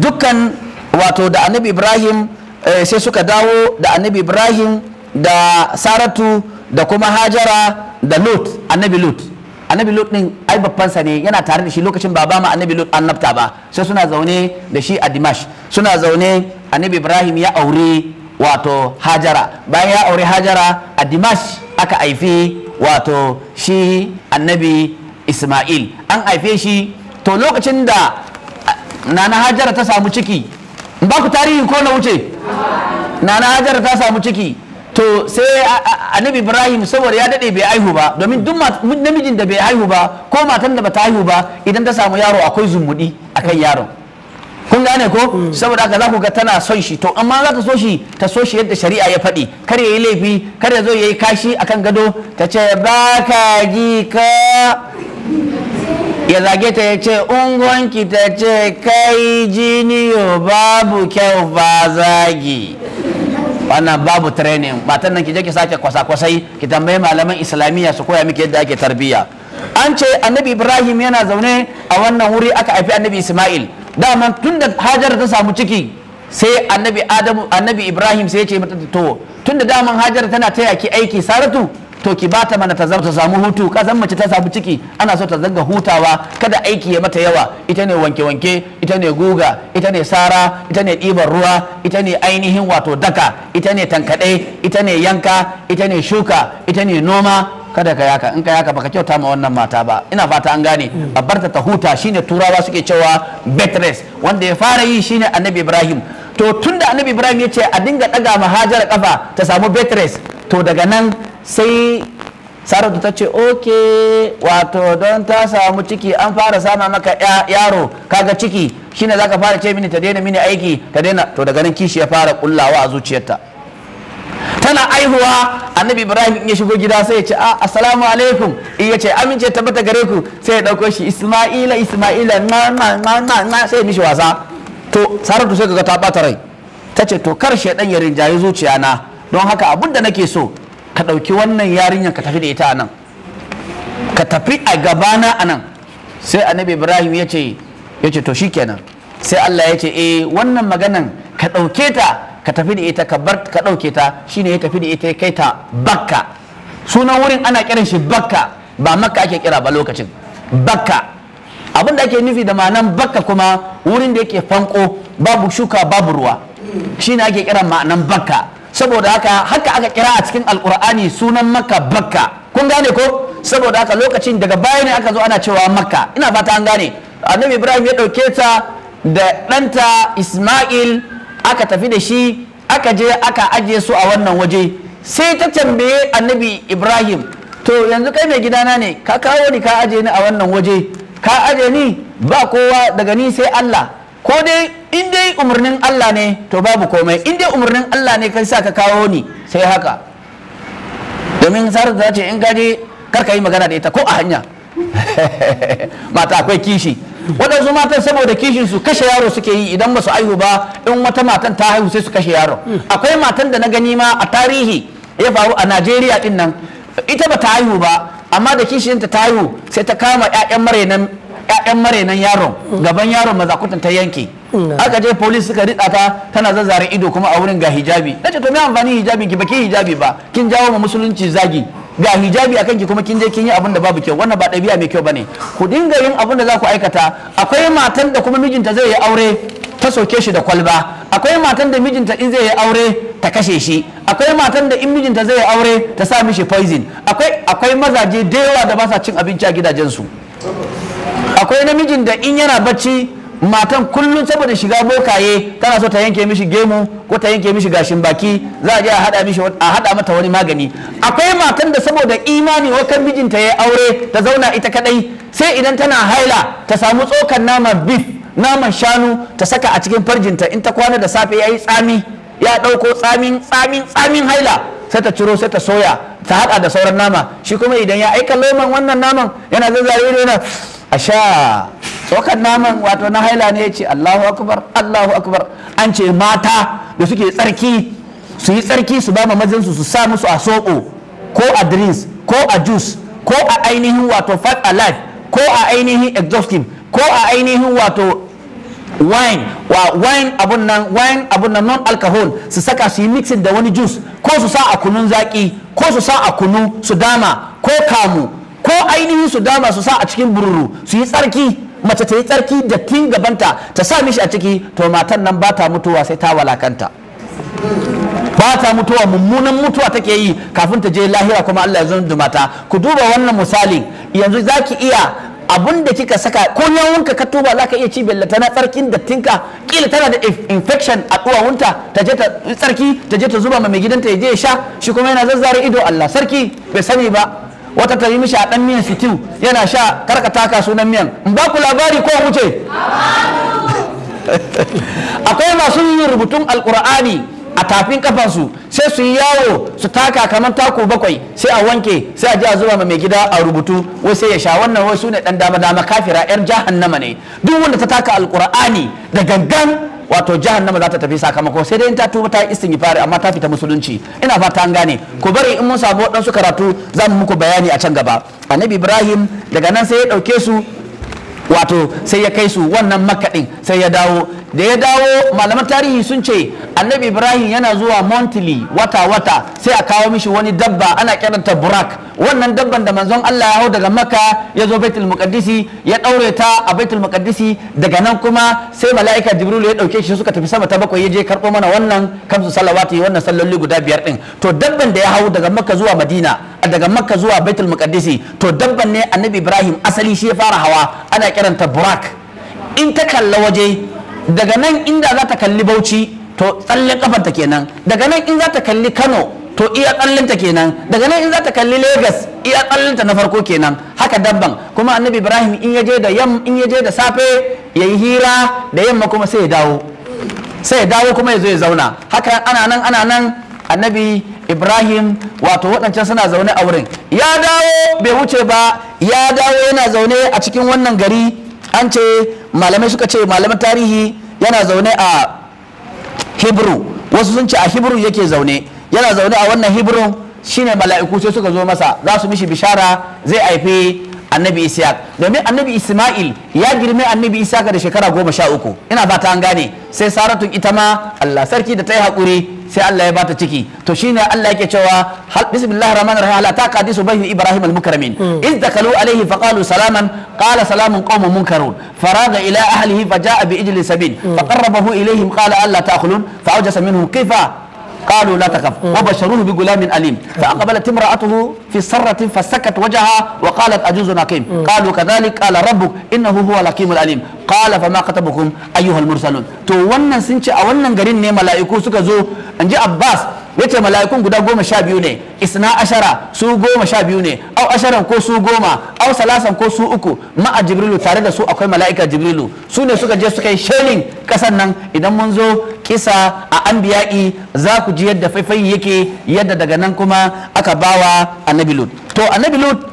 S2: dukkan wato da annabi ibrahim eh, sai suka dawo da annabi ibrahim da saratu da kuma hajara da lot annabi lot annabi lot din ai babbansa ne yana tare da shi lokacin baba ma annabi lot annabta ba sai suna zaune da shi a dimash suna zaune annabi ibrahim ya aure wato hajara bayan ya aure hajara a dimash aka haifi wato shi annabi isma'il an haife shi to lokacin da nana hajara ta samu ciki ba ku tarihi ko na wuce nana hajara ta samu ciki to sai annabi ibrahim saboda ya dade bai haihu ba domin duk namijin da bai haihu ba ko matan da bata haihu ba idan ta samu yaro akwai zumudi akan yaron kun gane ko hmm. saboda haka za ku ga tana son shi to amma za ta so shi ta so shi yadda shari'a ya faɗi kar ya yi laifi kar ya zo ya yi kashi akan gado ta ce ba ka ji ka ya zage ta ya ce ungonki ta ce kai jiniyo babu kyau ba zagi wannan babu training matan nan ki je ki sake kwasa-kwasai ki tambayi malaman islamiyya su koya miki yadda ake tarbiyya an ce annabi ibrahim yana zaune a wannan wuri aka haifi annabi isma'il dama tun da hajar ta samu ciki sai annabi adamu annabi ibrahim sai ya ce mata to tun da daman hajar tana taya ki aiki saratu to ki bata mana ta ta samu hutu kasan mace ta samu ciki ana so ta zanga hutawa kada aiki ya mata yawa ita ne wanke wanke ita ne guga ita ne sara ita ne ɗiban ruwa ita ne ainihin wato daka ita ne tankaɗe ita ne yanka ita ne shuka ita ne noma kada ka yaka in ka yaka baka kyauta ma wannan mata ba ina fata an gane a barta ta huta shine turawa suke cewa betres wanda ya fara yi shine annabi ibrahim to tun da annabi ibrahim ya ce a dinga daga mahajar kafa ta samu betres to daga nan sai saratu ta ce ok wato don ta samu ciki an fara sama maka yaro kaga ciki shine zaka fara ce mini ta daina mini aiki ta daina to daga nan kishi ya fara kullawa a zuciyarta tana aihuwa annabi ibrahim in ya shigo gida sai ya ce a ah, assalamu alaikum in ya ce amince tabbata gare ku sai ya dauko shi isma'ila isma'ila na na na na sai ya mishi wasa to saratu sai kaga ta bata rai ta ce to kar shaidan ya rinjaye zuciya na don haka abin da nake so ka ɗauki wannan yarinyar ka tafi da ita a nan ka tafi a gabana a nan sai annabi ibrahim ya ce ya ce to shikenan sai allah ya ce eh wannan maganan ka ɗauke ta ka tafi da ita ka bar ka ɗauke ta shine ya tafi da ita ya kai ta bakka sunan wurin ana kiran shi bakka ba makka ake kira ba lokacin bakka abin da ake nufi da ma'anan bakka kuma wurin da yake fanko babu shuka babu ruwa shine ake kiran ma'anan bakka saboda haka haka aka kira a cikin alkur'ani sunan makka bakka kun gane ko saboda haka lokacin daga baya ne aka zo ana cewa makka ina fata an gane annabi ibrahim ya dauke ta da ɗanta isma'il aka tafi da shi aka je aka ajiye su a wannan waje sai ta tambaye annabi ibrahim to yanzu kai mai gidana ne ka kawo ni ka ajiye ni a wannan waje ka aje ni ba kowa daga ni sai Allah ko dai in dai umarnin Allah ne to babu komai in dai umarnin Allah ne kai sa ka kawo ni sai haka domin sarar da ce in gaje kar ka yi magana da ita ko a hanya mata akwai kishi waɗansu matan saboda kishin su kashe yaro suke yi idan ba su aihu ba in wata matan ta haihu sai su kashe yaro akwai matan da na gani ma a tarihi ya faru a najeriya din nan ita ba ta haihu ba amma da kishin ta haihu sai ta kama ƴaƴan marainan ƴaƴan marainan yaron gaban yaron mazakutan ta yanke aka je police suka rida ta tana zazzare ido kuma a wurin ga hijabi nace to me amfani hijabin ki baki hijabi ba kin jawo ma musulunci zagi ga hijabi akan ki kuma kin je kin yi abin da babu kyau wannan ba ɗabi'a mai kyau bane ku dinga yin abin da za ku aikata akwai matan da kuma mijinta zai yi aure ta soke shi da kwalba akwai matan da mijinta in zai yi aure ta kashe shi akwai matan da in mijinta zai yi aure ta sa mishi poison akwai akwai mazaje da yawa da ba sa cin abinci a gidajen su. akwai namijin da in yana bacci matan kullum saboda shiga bokaye tana so ta yanke mishi gemu ko ta yanke mishi gashin baki za a je a hada mishi a hada mata wani magani akwai matan da saboda imani kan mijinta ya aure ta zauna ita kadai sai idan tana haila ta samu tsokan naman beef naman shanu ta saka a cikin farjinta in ta kwana da safe ya yi tsami ya ɗauko tsamin tsamin tsamin haila sai ta ciro sai ta soya ta haɗa da sauran nama shi kuma idan ya aika leman wannan naman yana zazzare ne na a tsokan naman wato na haila ne ya ce allahu akbar allahu akbar an ce mata da suke tsarki su yi tsarki su ba mamajinsu su sa musu a soɓo ko a drinks ko a juice ko a ainihin wato fat alive ko a ainihin exhaustive ko a ainihin wato wine wa wine abun nan wine abun nan non alcohol su saka su yi mixing da wani juice ko su sa a kunun zaki ko su sa a kunu su dama ko kamu ko ainihin su dama su sa a cikin bururu su yi tsarki mace ta yi tsarki da tin gabanta ta sa mishi a ciki to matan nan ba ta mutuwa sai ta walakanta ba ta mutuwa mummunan mutuwa take yi kafin ta je lahira kuma Allah ya zama mata ku duba wannan misali yanzu zaki iya abun da kika saka ko yawunka ka tuba za ka iya ci bella tana tsarkin dattinka kila tana da infection a duwawunta ta je ta tsarki ta je ta zuba ma mai gidanta ya je ya sha shi kuma yana zazzare ido Allah sarki bai sani ba wata ta yi mishi a dan miyan sitiu yana sha karkata ka sunan miyan in ba ku labari ko wuce akwai masu yin rubutun alkur'ani a tafin kafansu sai su yi yawo su taka kamar taku bakwai sai a wanke sai a ji a zuba ma mai gida a rubutu wai sai ya sha wannan wai su ne dan dama dama kafira yar jahannama ne duk wanda ta taka alqur'ani da gangan wato jahannama za ta tafi sakamako sai dai in ta tuba ta yi fari amma ta fita musulunci ina fata an gane ku bari in mun samu waɗansu karatu za mu muku bayani a can gaba annabi ibrahim daga nan sai ya ɗauke su wato sai ya kai su wannan makaɗin sai ya dawo da ya dawo malaman tarihi sun ce annabi ibrahim yana zuwa monthly wata-wata sai a kawo mishi wani dabba ana kiranta burak wannan dabban da manzon allah ya hau daga maka ya zo baitul muqaddisi ya daure ta a baitul muqaddisi daga nan kuma sai mala'ika jibril ya dauke shi suka tafi sama ta bakwai ya je karɓo mana wannan kamsu salawati wannan salloli guda biyar ɗin. to dabban da ya hau daga maka zuwa madina a daga makka zuwa baitul muqaddisi to dabban ne annabi ibrahim asali shi ya fara hawa ana kiranta burak in ta kalla waje daga nan inda za ta kalli bauchi to tsallin kafarta kenan daga nan in za ta kalli kano to iya tsallinta kenan daga nan in za ta kalli Legas iya tsallinta na farko kenan haka dabban kuma annabi ibrahim in ya je da yam in ya je da safe ya yi hira da yamma kuma sai ya dawo sai ya dawo kuma ya zo ya zauna haka ana nan ana nan annabi ibrahim wato waɗancan suna zaune a wurin ya dawo bai wuce ba ya dawo yana zaune a cikin wannan gari an ce malamai suka ce malamar tarihi yana zaune a hebrew wasu sun ce a hebrew yake zaune yana zaune a wannan hebrew shine mala'iku sai suka zo masa za su mishi bishara zai haifi annabi ishaq domin annabi isma'il ya girme annabi isaac da shekara goma sha uku ina fata an gane sai saratu ita ma allah sarki da ta yi haƙuri sai allah ya bata ciki to shine allah yake cewa bismillahir rahmanir rahim ta taqadisu bahi ibrahim al mukramin hmm. iz dakalu alayhi fa qalu salaman qala salamun qaumun munkarun faraga ila ahlihi fa jaa bi ijli sabil hmm. fa qarrabahu ilayhim qala alla ta'kulun fa awjasa minhum kifa قالوا لا تخف وبشروه بغلام أليم فأقبلت امرأته في سرة فسكت وجهها وقالت أجوز نقيم قالوا كذلك قال ربك إنه هو لقيم الأليم qala fa ma khatabukum ayyuhal mursalun to wannan sun ce a wannan garin ne mala'iku suka zo an ji abbas yace mala'ikun guda goma sha biyu ne isna ashara su goma sha biyu ne au asharan ko su goma au salasan ko su uku ma'a jibrilu tare da su akwai mala'ika jibrilu su ne suka je suka yi shelin kasan nan idan mun zo kisa a anbiya'i za ku ji yadda faifai yake yadda daga nan kuma aka bawa annabi lut to annabi lut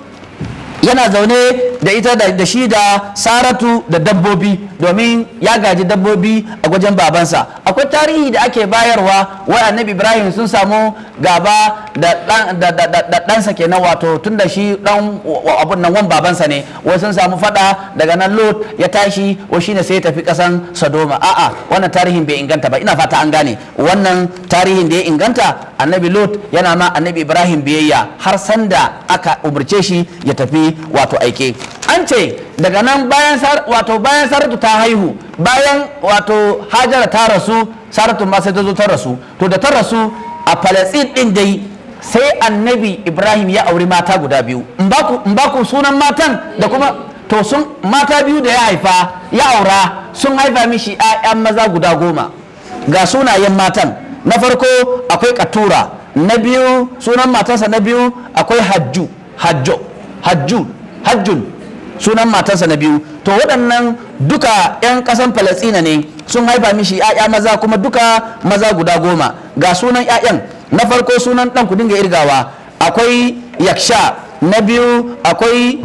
S2: yana zaune da ita da shi da saratu da dabbobi domin ya gaji dabbobi a wajen babansa akwai tarihi da ake bayarwa wai annabi ibrahim sun samu gaba da ɗansa kenan wato tun da shi ɗan abun nan wan babansa ne wai sun samu fada daga nan lot ya tashi wa shine sai ya tafi ƙasan sadoma a'a wannan tarihin bai inganta ba ina fata an gane wannan tarihin da ya inganta annabi lot yana ma annabi ibrahim biyayya har sanda aka umarce shi ya tafi wato aike an ce daga nan wato bayan saratu ta haihu bayan wato hajara ta rasu saratu ma sai ta zo ta rasu to da ta rasu a palestine din dai sai annabi ibrahim ya auri mata guda biyu in ba ku sunan matan da kuma to sun mata biyu da ya haifa ya aura sun haifa mishi 'ya'yan maza guda goma ga sunayen matan na farko akwai katura na biyu sunan matansa na biyu akwai hajju hajjo hajju hajjun sunan matansa na biyu to waɗannan duka 'yan ƙasan falasina ne sun haifa mishi 'ya'ya maza kuma duka maza guda goma ga sunan 'ya'yan na farko sunan ɗan ku dinga irgawa akwai yaksha na biyu akwai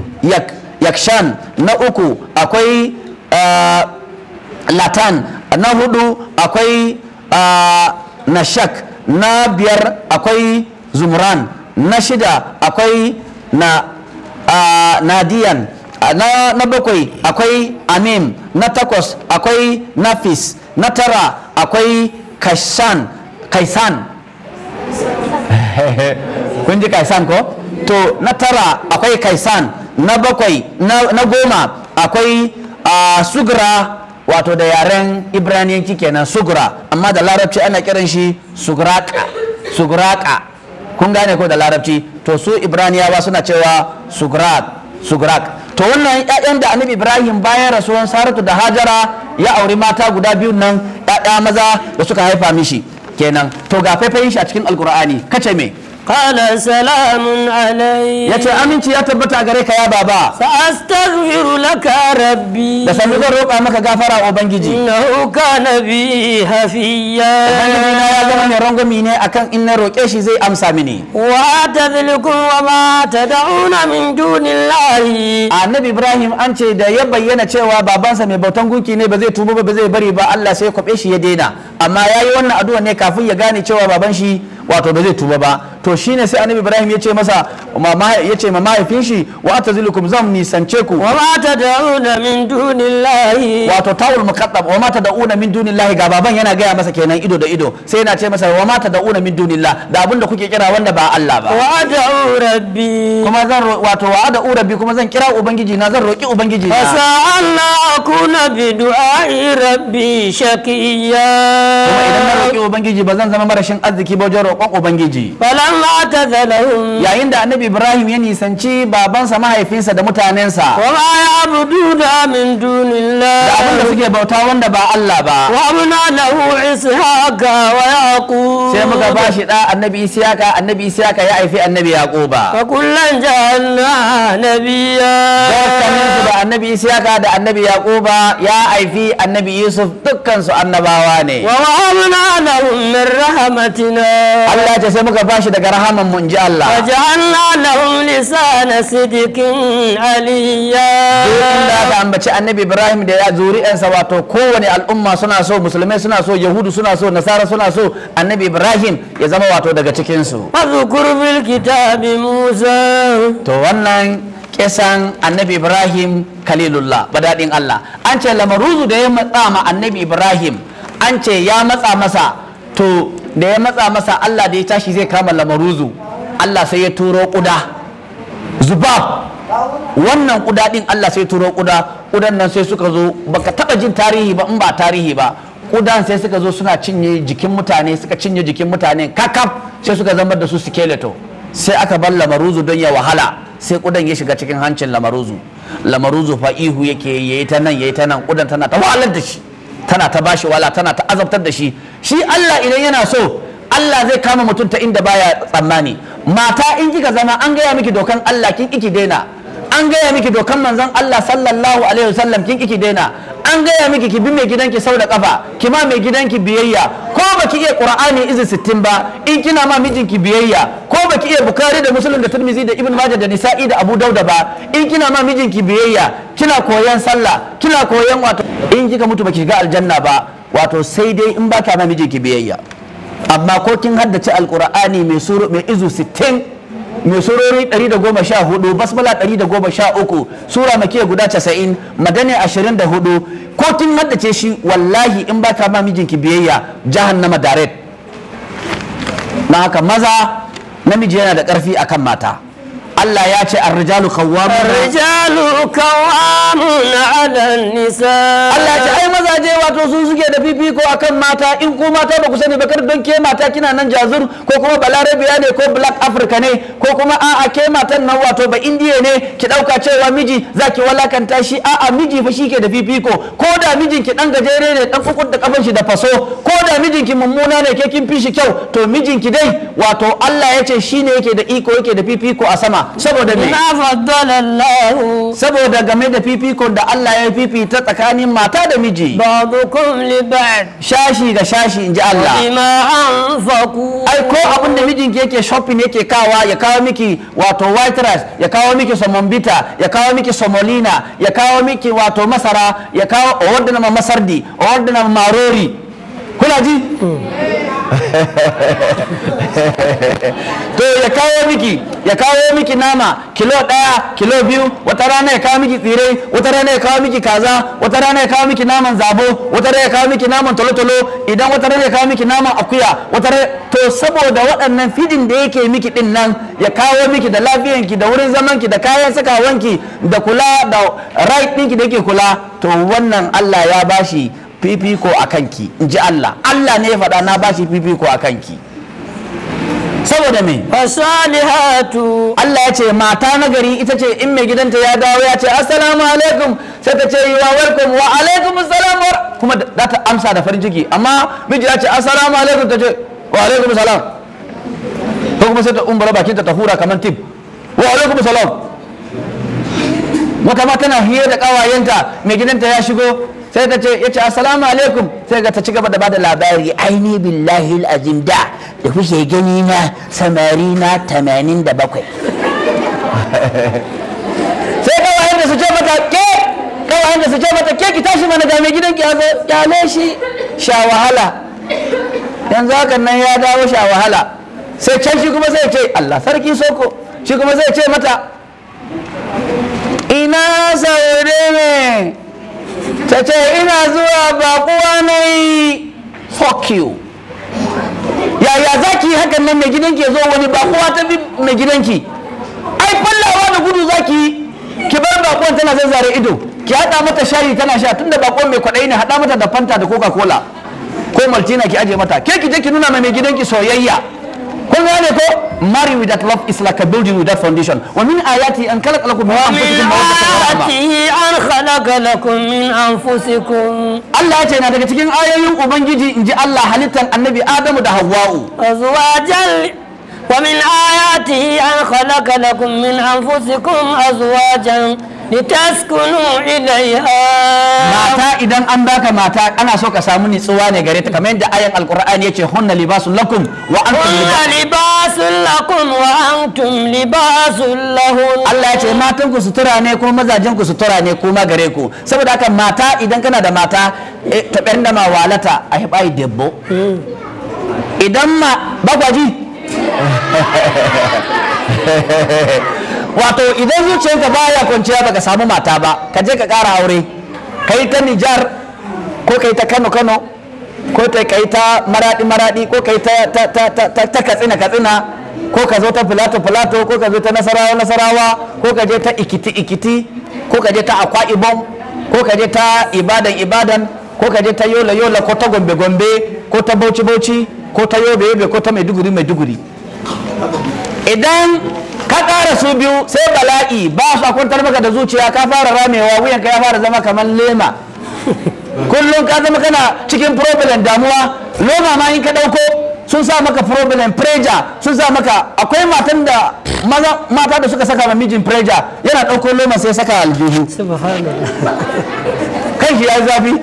S2: yakshan na uku akwai eh, latan na hudu akwai eh, nashak na biyar akwai zumran na shida akwai na nadiyan na bakwai akwai amim na takwas akwai nafis na tara akwai kaisan kaisan kun ji kaisan ko to na tara akwai kaisan na bakwai na goma akwai sugra wato da yaren ibraniyanci kenan sugra amma da larabci ana kiran shi sugraka kun gane ko da larabci to su ibraniyawa suna cewa sugrat sugrak to wannan 'ya'yan da annabi ibrahim bayan rasuwan saratu da hajara ya auri mata guda biyu nan ƴaƴa maza da suka haifa mishi kenan to ga faifayin shi a cikin alkur'ani kace me Kala salamun
S1: alai. Ya ce aminci ya tabbata gare ka ya baba. Sa'astaghfiru laka rabbi. Da sanu zan roƙa maka gafara Ubangiji. Innahu na bi hafiya.
S2: Ubangiji na ya zama mai rangwami ne akan in na roƙe shi zai amsa mini.
S1: Wa tadlikum wa
S2: ma dauna min layi? Annabi Ibrahim an ce da ya bayyana cewa babansa mai bautan gunki ne ba zai tuba ba ba zai bari ba Allah sai ya kwabe shi ya daina. Amma ya yi wannan addu'a ne kafin ya gane cewa baban shi wato ba zai tuba ba. to shine sai annabi ibrahim ya ce masa ya ce ma mahaifin shi wa atazilukum zan nisance ku wa ma tad'una min dunillahi wato tawul muqaddam wa ma tad'una min dunillahi ga baban yana gaya masa kenan ido da ido sai yana ce masa wa ma tad'una min dunillah da abin da kuke kira wanda ba Allah ba wa ad'u
S1: rabbi kuma zan wato wa ad'u rabbi kuma zan kira ubangiji na zan roki ubangiji na fa Allah akuna bi du'ai rabbi shakiyya kuma idan na roki
S2: ubangiji ba zan zama marashin arziki ba wajen roƙon ubangiji falan yayin da annabi ibrahim ya nisanci babansa mahaifinsa da mutanensa wama
S1: ya'buduna
S2: min dunillah da abinda da suke bauta wanda ba Allah ba wa abna lahu ishaqa wa yaqub sai muka bashi da annabi ishaqa annabi ishaqa ya haifi annabi yaquba fa
S1: kullan ja'alna nabiyya su da annabi ishaqa da annabi
S2: yaquba ya haifi annabi yusuf dukkan su annabawa ne wa wa'abna lahum
S1: min rahmatina Allah ta sai muka bashi da daga rahaman mu ji Allah waja'alna lahum lisana sidikin aliyya inda aka ambaci annabi
S2: Ibrahim da ya sa wato kowane al'umma suna so musulmai suna so yahudu suna so nasara suna so annabi Ibrahim ya zama wato daga cikin su zukur bil kitabi Musa to wannan kisan annabi Ibrahim khalilullah, badadin Allah an ce lamaruzu da ya matsa ma annabi Ibrahim an ce ya matsa masa to da ya matsa masa Allah da ya tashi zai kama lamaruzu Allah sai ya turo kuda zubab wannan kuda din Allah sai turo kuda kudan nan sai suka zo baka taba jin tarihi ba in ba tarihi ba kudan sai suka zo suna cinye jikin mutane suka cinye jikin mutane kakaf sai suka zama da su skeleto sai aka bar lamaruzu don ya wahala sai kudan ya shiga cikin hancin lamaruzu lamaruzu fa ihu yake yayi ta nan yayi ta nan kudan tana ta wahalar da shi tana ta bashi wala tana ta azabtar da shi shi Allah idan yana so Allah zai kama mutum ta inda baya tsammani mata in kika zama an gaya miki dokan Allah kin kiki daina an gaya miki dokan manzon Allah sallallahu alaihi wasallam kin kiki daina an gaya miki ki bi mai gidanki sau da kafa ki ma mai gidanki biyayya ko baki iya qur'ani izi sittin ba in kina ma mijinki biyayya ko baki iya bukari da muslim da tirmizi da ibn majah da nisa'i da abu dauda ba in kina ma mijinki biyayya kina koyan sallah kina koyan wato in kika mutu baki ga aljanna ba wato sai dai in baka ma miji ki biyayya amma ko kin haddace alqur'ani mai suru mai izu 60 mai surori 114 basmala 113 sura makiya guda 90 magane 24 ko kin haddace shi wallahi in baka ma mijinki biyayya jahannama direct na haka maza namiji yana da karfi akan mata
S1: Allah ya ce arrijalu kawwamu arrijalu na ala nisa Allah ya ce ai mazaje wato sun suke da fifiko akan mata in ku mata ba ku sani
S2: ba kar don ke mata kina nan jazur ko kuma balarabiya ne ko black africa ne ko kuma a'a ke matan nan wato ba indiya ne ki ɗauka cewa miji zaki walakanta shi a'a miji fa shi ke da fifiko ko da mijin ki dan gajere ne dan kukun da kafan shi da faso ko da mijin ki mummuna ne ke kin fi shi kyau to mijin ki dai wato Allah ya ce ne yake da iko yake da fifiko a sama saboda me saboda game da fifiko da Allah ya fifita tsakanin mata da miji ba'dukum li ba'd shashi ga shashi inji Allah ai ko abin da mijinki yake shopping yake kawa ya kawo miki wato white rice ya kawo miki bita, ya kawo miki somolina ya kawo miki wato masara ya kawo ordinary masardi ordinary marori kula ji
S1: mm.
S2: to ya kawo miki ya kawo miki nama kilo daya kilo biyu wata rana ya kawo miki tsire wata rana ya kawo miki kaza wata rana ya kawo miki naman zabo wata rana ya kawo miki naman tolotolo idan wata rana ya kawo miki naman akuya wata rana to saboda waɗannan fidin da yake miki din nan ya kawo miki da ki da wurin zamanki da kayan sakawanki da kula da right ɗinki da yake kula to wannan Allah ya bashi fifiko a kanki in ji Allah Allah ne ya faɗa na ba shi fifiko a kanki saboda me fasalihatu Allah ya ce mata nagari ita ce in mai gidanta ya dawo ya ce assalamu alaikum sai ta ce wa welkom wa alaikum assalam kuma za ta amsa da farin ciki amma miji ya ce assalamu alaikum ta ce wa alaikum salam ko kuma sai ta umbara bakinta ta hura kamar tip wa alaikum salam wata ma tana hira da kawayenta mai gidanta ya shigo sai ta ce ya ce assalamu alaikum sai ga ta ci gaba da bada labari aini billahi azim da da kuke gani na samari na 87
S1: sai kawayen da su ce mata ke kawayen da su ce mata ke ki tashi mana ga mai gidan ki kyale shi sha wahala
S2: yanzu hakan nan ya dawo sha wahala sai can shi kuma sai ce Allah sarki soko shi kuma
S1: sai ce mata ina saurin ta ce ina zuwa ba kuwa na yi fuck you
S2: yaya za ki hakan nan mai gidanki ya zo wani ba ta bi mai gidanki ai fallawa da gudu za ki ki bar bakon tana zazzare ido ki haɗa mata shayi tana sha tunda bakon mai kwaɗayi ne haɗa mata da fanta da coca cola ko maltina ki ajiye mata ke ki je ki nuna mai gidanki soyayya kun gane ko marry without love is like a building without foundation
S1: wa min ayati an khalaqa lakum min anfusikum an khalaqa lakum min anfusikum Allah ya ce na daga cikin ayoyin ubangiji inji Allah halittan annabi Adamu da Hawwa'u azwajal min ayati an خلق lakum min anfusikum azwajan litaskunu ilaiha
S2: mata idan an baka mata ana so ka samu nitsuwa ne gare ta kamar yadda ayan alqur'ani yace hunna libasul lakum wa antum libasul lakum wa antum libasul lahum Allah yace matan ku sutura ne ko mazajen ku sutura ne ma gare ku saboda haka mata idan kana da mata eh, ta da ma walata a hibai debbo idan ma wato idan zuciyarka baya kwanciya baka samu mata ba ka je ka kara aure kai ta nijar ko kai ta kano kano ko ta kai ta maradi maradi ko kai ta ta katsina katsina ko ka zo ta filato filato ko ka zo ta nasarawa nasarawa ko ka je ta ikiti ikiti ko ka je ta akwa ibom ko ka je ta ibadan ibadan ko ka je ta yola yola ko ta gombe gombe ko ta bauchi bauchi ko ta yobe yobe ko ta maiduguri maiduguri idan ka ƙara su biyu sai bala'i ba su kwantar maka da zuciya ka fara ramewa wuyan ka ya fara zama kamar lema kullum ka zama kana cikin problem damuwa loma ma in ka ɗauko sun sa maka problem pressure sun sa maka akwai matan da mata da suka saka mijin pressure yana ɗauko loma sai saka aljihu kan shi zafi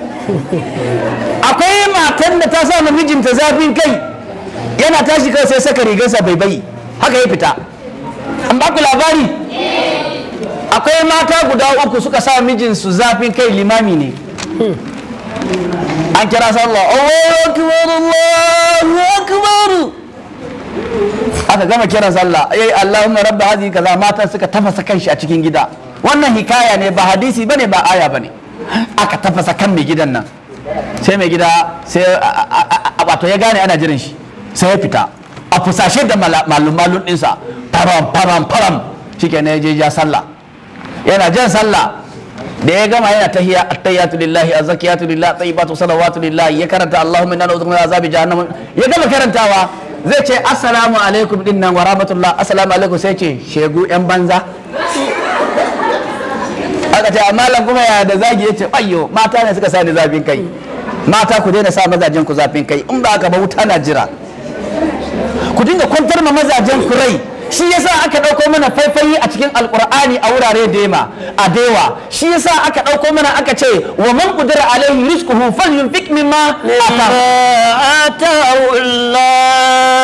S2: akwai matan da ta sa mijinta zafin kai yana tashi kai sai saka rigarsa bai bai haka ya fita an ba ku labari akwai mata guda uku suka sa mijinsu zafin kai limami ne an kira sallah Allahu
S1: akbar Allahu
S2: akbar aka gama kiran sallah yayi Allahumma rabba hadhihi kaza mata suka tafasa kanshi a cikin gida wannan hikaya ne ba hadisi bane ba aya bane aka tafasa kan mai gidan nan sai mai gida sai wato ya gane ana jiran shi sai ya fita a fusashe da malum-malum ɗinsa faram faram faram ke na je ja sallah yana jan sallah da ya gama yana tahiyya at-tayyatu lillahi az-zakiyatu lillahi tayyibatu salawatu lillahi ya karanta Allahumma inna na'udhu min azabi jahannam ya gama karantawa zai ce assalamu alaikum din nan wa rahmatullah assalamu alaikum sai ce shegu yan banza
S1: aka ce amma lan
S2: kuma ya da zagi ya ce ayyo mata ne suka sa ni zafin kai mata ku daina sa mazajen ku zafin kai in ba ka ba wuta na jira ku dinga kwantar ma mazajen kurai shi yasa aka ɗauko mana faifayi a cikin alkur'ani a wurare dema a dewa shi yasa aka ɗauko mana aka ce wa man qudira alaihi rizquhu falyunfiq mimma Allah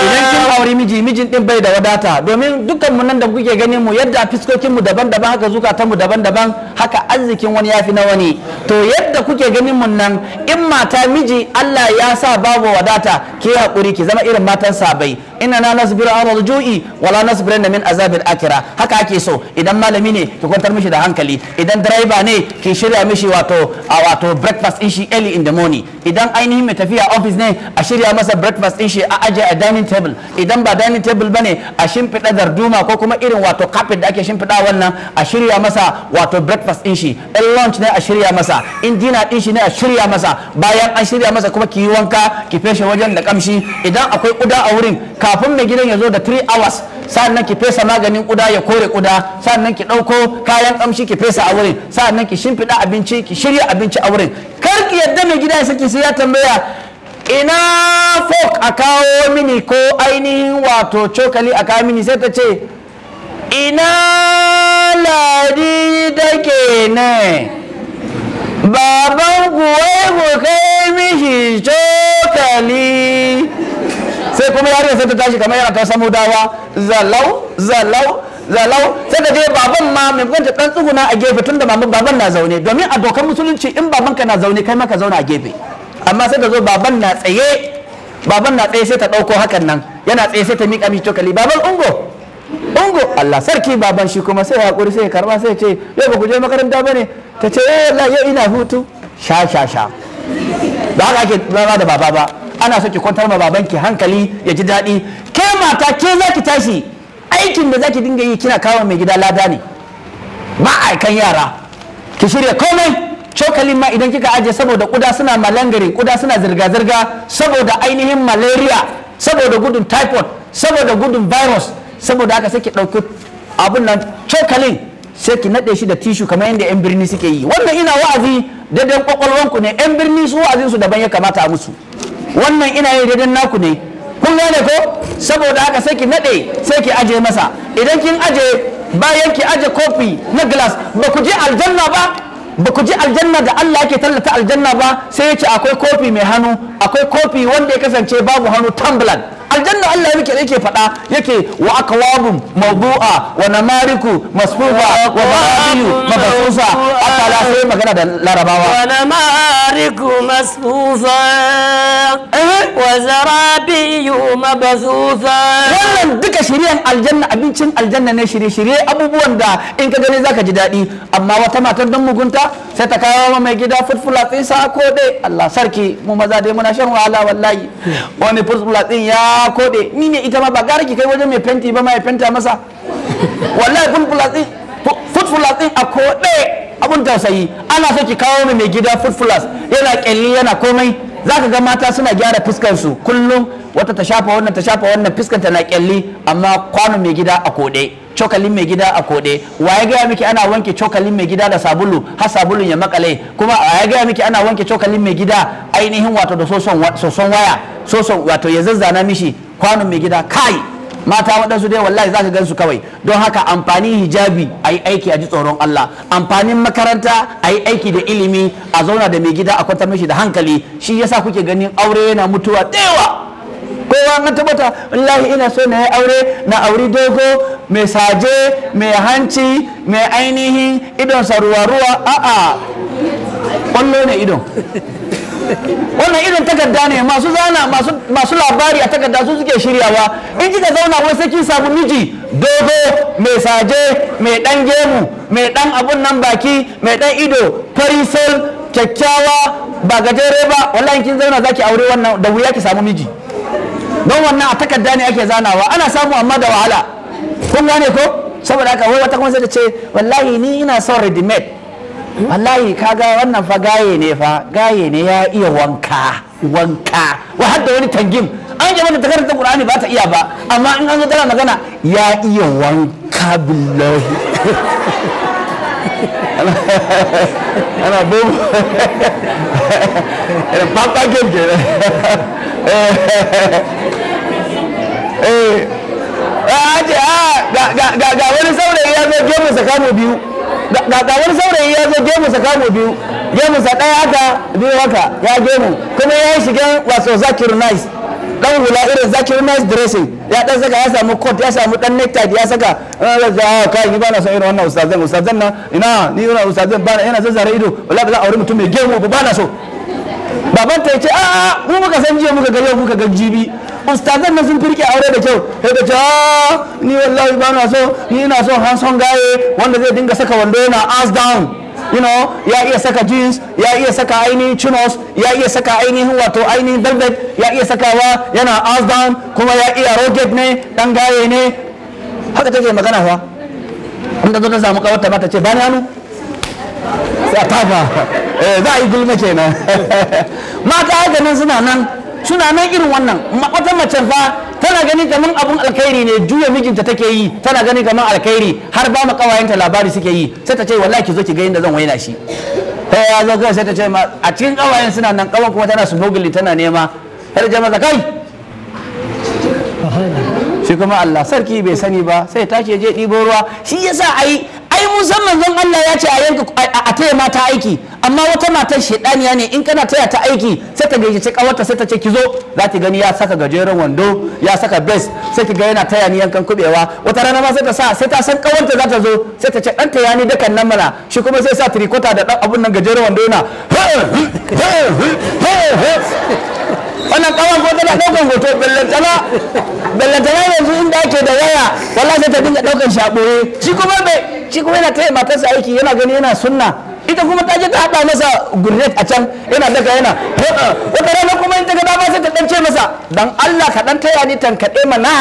S2: idan kin aure miji mijin din bai da wadata domin dukkan mu nan da kuke ganin mu yadda fiskokin mu daban-daban haka zukatan mu daban-daban haka arzikin wani yafi na wani to yadda kuke ganin mu nan in mata miji Allah ya sa babu wadata ke hakuri ki zama irin matan sabai inna na nasbiru ala rujui wala nasbiru min azabil akira haka ake so idan malami ne ki kwantar mishi da hankali idan driver ne ki shirya mishi wato a wato breakfast din shi early in the morning idan ainihin mai tafiya office ne a shirya masa breakfast din shi a aje a dining table idan ba dining table bane a shimfiɗa darduma ko kuma irin wato carpet da ake shimfiɗa wannan a shirya masa wato breakfast din shi in lunch ne a shirya masa in dinner din shi ne a shirya masa bayan an shirya masa kuma ki yi wanka ki feshe wajen da kamshi idan akwai kuda a wurin kafin mai gidan ya zo da 3 hours sannan ki fesa maganin kuda ya kore kuda sannan ki ɗauko kayan kamshi ki fesa a wurin sannan ki shimfiɗa abinci ki shirya abinci a wurin kar ki yadda mai gida ya ki sai ya tambaya ina fork a kawo mini ko ainihin wato cokali a kawo mini sai ta ce ina
S1: ladi take ne baban kuwa kai mishi cokali
S2: sai kuma yarinya sai ta tashi kamar yana ta samu dawa zalau zalau zalau
S1: sai ka je baban ma
S2: mai ta dan tsuguna a gefe tun da maman baban na zaune domin a dokar musulunci in baban ka na zaune kai ma ka zauna a gefe amma sai ka zo baban na tsaye baban na tsaye sai ta dauko hakan nan yana tsaye sai ta mika mi cokali baban ungo ungo Allah sarki baban shi kuma sai hakuri sai karba sai ce yau ba ku je makaranta bane ta ce eh wallahi ina hutu sha sha sha ba haka ake da baba ba ana so ki kwantar ma ki hankali ya ji daɗi ke mata ke za ki tashi aikin da za ki dinga yi kina kawo mai gida lada ne ba yara ki shirya komai cokalin ma idan kika ajiye saboda kuda suna malangare kuda suna zirga-zirga saboda ainihin malaria saboda gudun typhoid saboda gudun virus saboda haka sai ki ɗauki abun nan cokalin sai ki naɗe shi da tishu kamar yadda 'yan birni suke yi wannan ina wa'azi daidai kwakwalwanku ne 'yan birni su wa'azinsu daban ya kamata a musu wannan ina yi daidai naku ne kun gane ko saboda haka sai ki naɗe sai ki aje masa idan kin aje bayan ki aje kofi na glass ba ku je aljanna ba ba ku je aljanna da Allah yake tallata aljanna ba sai ya ce akwai kofi mai hannu akwai kofi wanda ya kasance babu hannu tumbler aljanna Allah yake yake faɗa yake wa akwabun mawdu'a wa namariku
S1: masfufa wa marabiyu mabasusa akala sai magana da larabawa wa namariku masfufa eh? wa zarabiyu mabasusa wannan duka shirin aljanna abincin aljanna ne shirye-shirye
S2: abubuwan da in ka gani zaka ji daɗi amma wata matar don mugunta sai ta kawo mai gida furfula tsisa sa ko dai Allah sarki mu maza dai muna shan wahala wallahi hmm. wani furfula tsin ya kode ni ne ita ma ba gara ki kai wajen mai fenti ba ma fenta masa wallahi full plus a kode abun tausayi ana so ki kawo mai mai gida foot yana kyalli yana komai zaka ga mata suna gyara fuskar su kullum wata ta shafa wannan ta shafa wannan fuskar ta na kyalli amma kwano mai gida a kode cokalin mai gida a koɗe wa ya gaya miki ana wanke cokalin mai gida da sabulu har sabulun ya makale kuma wa ya gaya miki ana wanke cokalin mai gida ainihin wato da soson waya soson wato ya zazzana mishi kwanon mai gida kai mata waɗansu dai wallahi za ka su kawai don haka amfanin hijabi a yi aiki a ji tsoron Allah amfanin makaranta a yi aiki da ilimi a zauna da mai gida a kwantar mishi da hankali shi yasa kuke ganin aure yana mutuwa da kowa an tabbata wallahi ina so na yi aure na auri dogo mai saje mai hanci mai ainihin idonsa ruwa-ruwa a'a kwallo ne idon wannan idon takarda ne masu zana masu labari a takarda su suke shiryawa in kika zauna wai sai kin samu miji dogo mai saje mai dan gemu mai dan abun nan baki mai dan ido farisol kyakkyawa ba gajere ba wallahi kin zauna zaki aure wannan da wuya ki samu miji don wannan a takarda ne ake zanawa ana samu amma da wahala kun gane ko saboda haka wai wata kuma sai ta ce wallahi ni ina son redimet. Wallahi ka ga wannan fa gaye ne fa gaye ne ya iya wanka wanka wa hadda wani tangin an yi takarda takarar qur'ani ba ta iya ba amma in an zo tana magana ya iya wanka billahi
S1: ana bobo ana pampa game
S2: eh a ce a ga wani saurayi ya zo gemu sa kamo biyu ga wani saurayi ya zo gemun sa kamo biyu gemu sa ɗaya haka biyu haka ya gemu kuma ya yi shigen wasu zakir nice dan hula irin zakir nice dressing ya dan saka ya samu coat ya samu dan necktie ya saka ah, ya ah kai ni ba na son irin wannan ustazan ustazan na ina ni ina ustazan bana yana zazzare ido wallahi ba za aure mutum mai gemu ba na so baban ta yace a a mu muka san jiya muka ga yau muka ga jibi ustazan na sun firke aure da kyau sai da cewa ah, ni wallahi ba na so ni ina so hanson gaye wanda zai dinga saka wando yana ass down you know ya iya saka jeans ya iya saka ainihin chinos ya iya saka ainihin wato ainihin velvet ya iya sakawa yana ass down kuma ya iya rocket ne dan gaye ne haka take magana fa in ta zo ta samu kawarta ba ta ce bani hannu sai a tafa eh, za a yi gulma kenan mata haka nan suna nan suna nan irin wannan wata macen fa tana gani kamar abun alkhairi ne juya mijinta take yi tana gani kamar alkhairi har ba mu kawayenta labari suke yi sai ta ce wallahi ki zo ki ga yadda zan waina shi ta eh, ya zo kai sai ta ce ma a cikin kawayen suna nan kawan kuma tana smuggling tana nema har jama'a za kai shi kuma Allah sarki bai sani ba sai ta ce je ɗibo ruwa shi yasa ai ai mun san manzon Allah ya ce a yanka a taya mata aiki amma wata matar shedaniya ne in kana taya ta aiki sai ta gaji kawarta sai ta ce ki zo za ki gani ya saka gajeren wando ya saka best sai ki ga yana taya ni yankan kubewa wata rana ma sai ta sa sai ta san kawarta za ta zo sai ta ce dan taya ni dakan nan mana shi kuma sai sa tricota da dan abun nan gajeren wando na wannan kawan ko tana daukan hoto bellantana bellantana yanzu inda ake da waya wallahi sai ta dinga daukan shaboye shi kuma bai shi kuma yana taya matarsa aiki yana gani yana sunna ita kuma ta je ta hada masa gurnet a can yana daga yana wata rana kuma in ta ga dama sai ta dan ce masa dan Allah ka dan taya ni tankade mana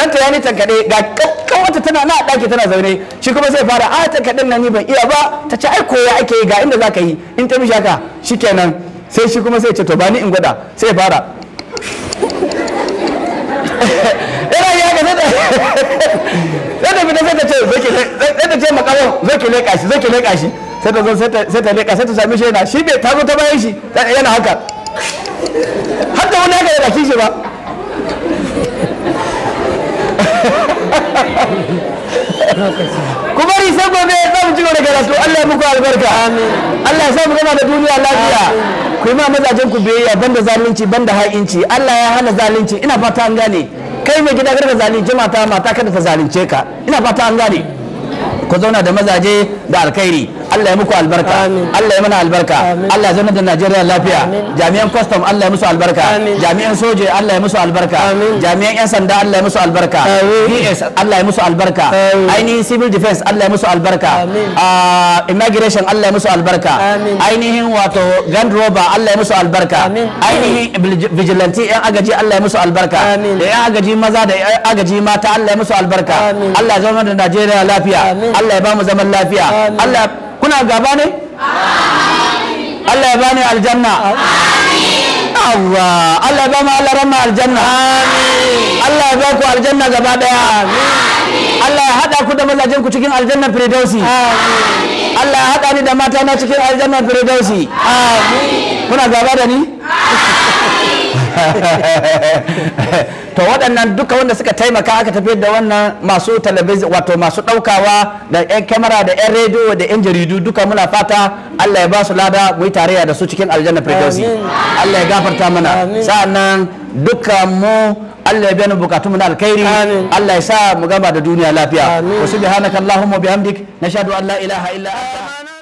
S2: dan taya ni tankade ga kawata tana na daki tana zaune shi kuma sai fara a ah, tankaden nan ni ban iya ba ta ce ai koya ake yi ga inda zaka yi in ta mishi haka shikenan sai shi kuma sai ce to bani in gwada sai fara ina ya ga zai da fita sai ta ce zai ta ce makawo zai ke leka shi zai ke leka shi sai ta zo sai ta leka sai ta sami shi yana shi bai ta
S1: zo ta bayan shi yana haka hatta wani haka ya kishi shi ba ku bari sai gobe za mu ci gaba da karatu Allah ya muku albarka Allah ya sa mu gama da duniya lafiya
S2: ku yi ma mazajen ku biyayya banda zalunci banda ha'inci Allah ya hana zalunci ina fata an gane kai mai gida kada zalunci mata mata kada ta zalunce ka ina fata an gane ku zauna da mazaje da alkhairi Allah ya muku albarka Allah ya mana albarka Allah ya zama da Najeriya lafiya jami'an custom Allah ya musu albarka jami'an soje Allah ya musu albarka jami'an yan sanda Allah ya musu albarka PS Allah ya musu albarka ainihin civil defense Allah ya musu albarka immigration Allah ya musu albarka ainihin wato grand rover Allah ya musu albarka ainihin vigilante yan agaji Allah ya musu albarka da yan agaji maza da yan agaji mata Allah ya musu albarka Allah ya zama da Najeriya lafiya Allah ya ba mu zaman lafiya Allah muna gaba ne Allah ya bani aljanna Allah Allah ya ba mu Allah rama aljanna Allah ya ba ku aljanna gaba daya Allah ya haɗa ku da mazajen ku cikin aljanna firdausi Allah ya haɗa ni da mata na cikin aljanna firdausi Muna gaba da ni to waɗannan duka wanda suka taimaka aka tafi da wannan masu talabijin wato masu ɗaukawa da 'yan kamera da 'yan rediyo da 'yan jaridu duka muna fata Allah ya ba su lada mu yi tarayya da su cikin aljanna firdausi Allah ya gafarta mana sa'annan duka mu Allah ya biya bukatu mu na alkhairi Allah ya sa mu gama da duniya lafiya wa subhanaka allahumma bihamdik nashhadu an la ilaha illa
S1: anta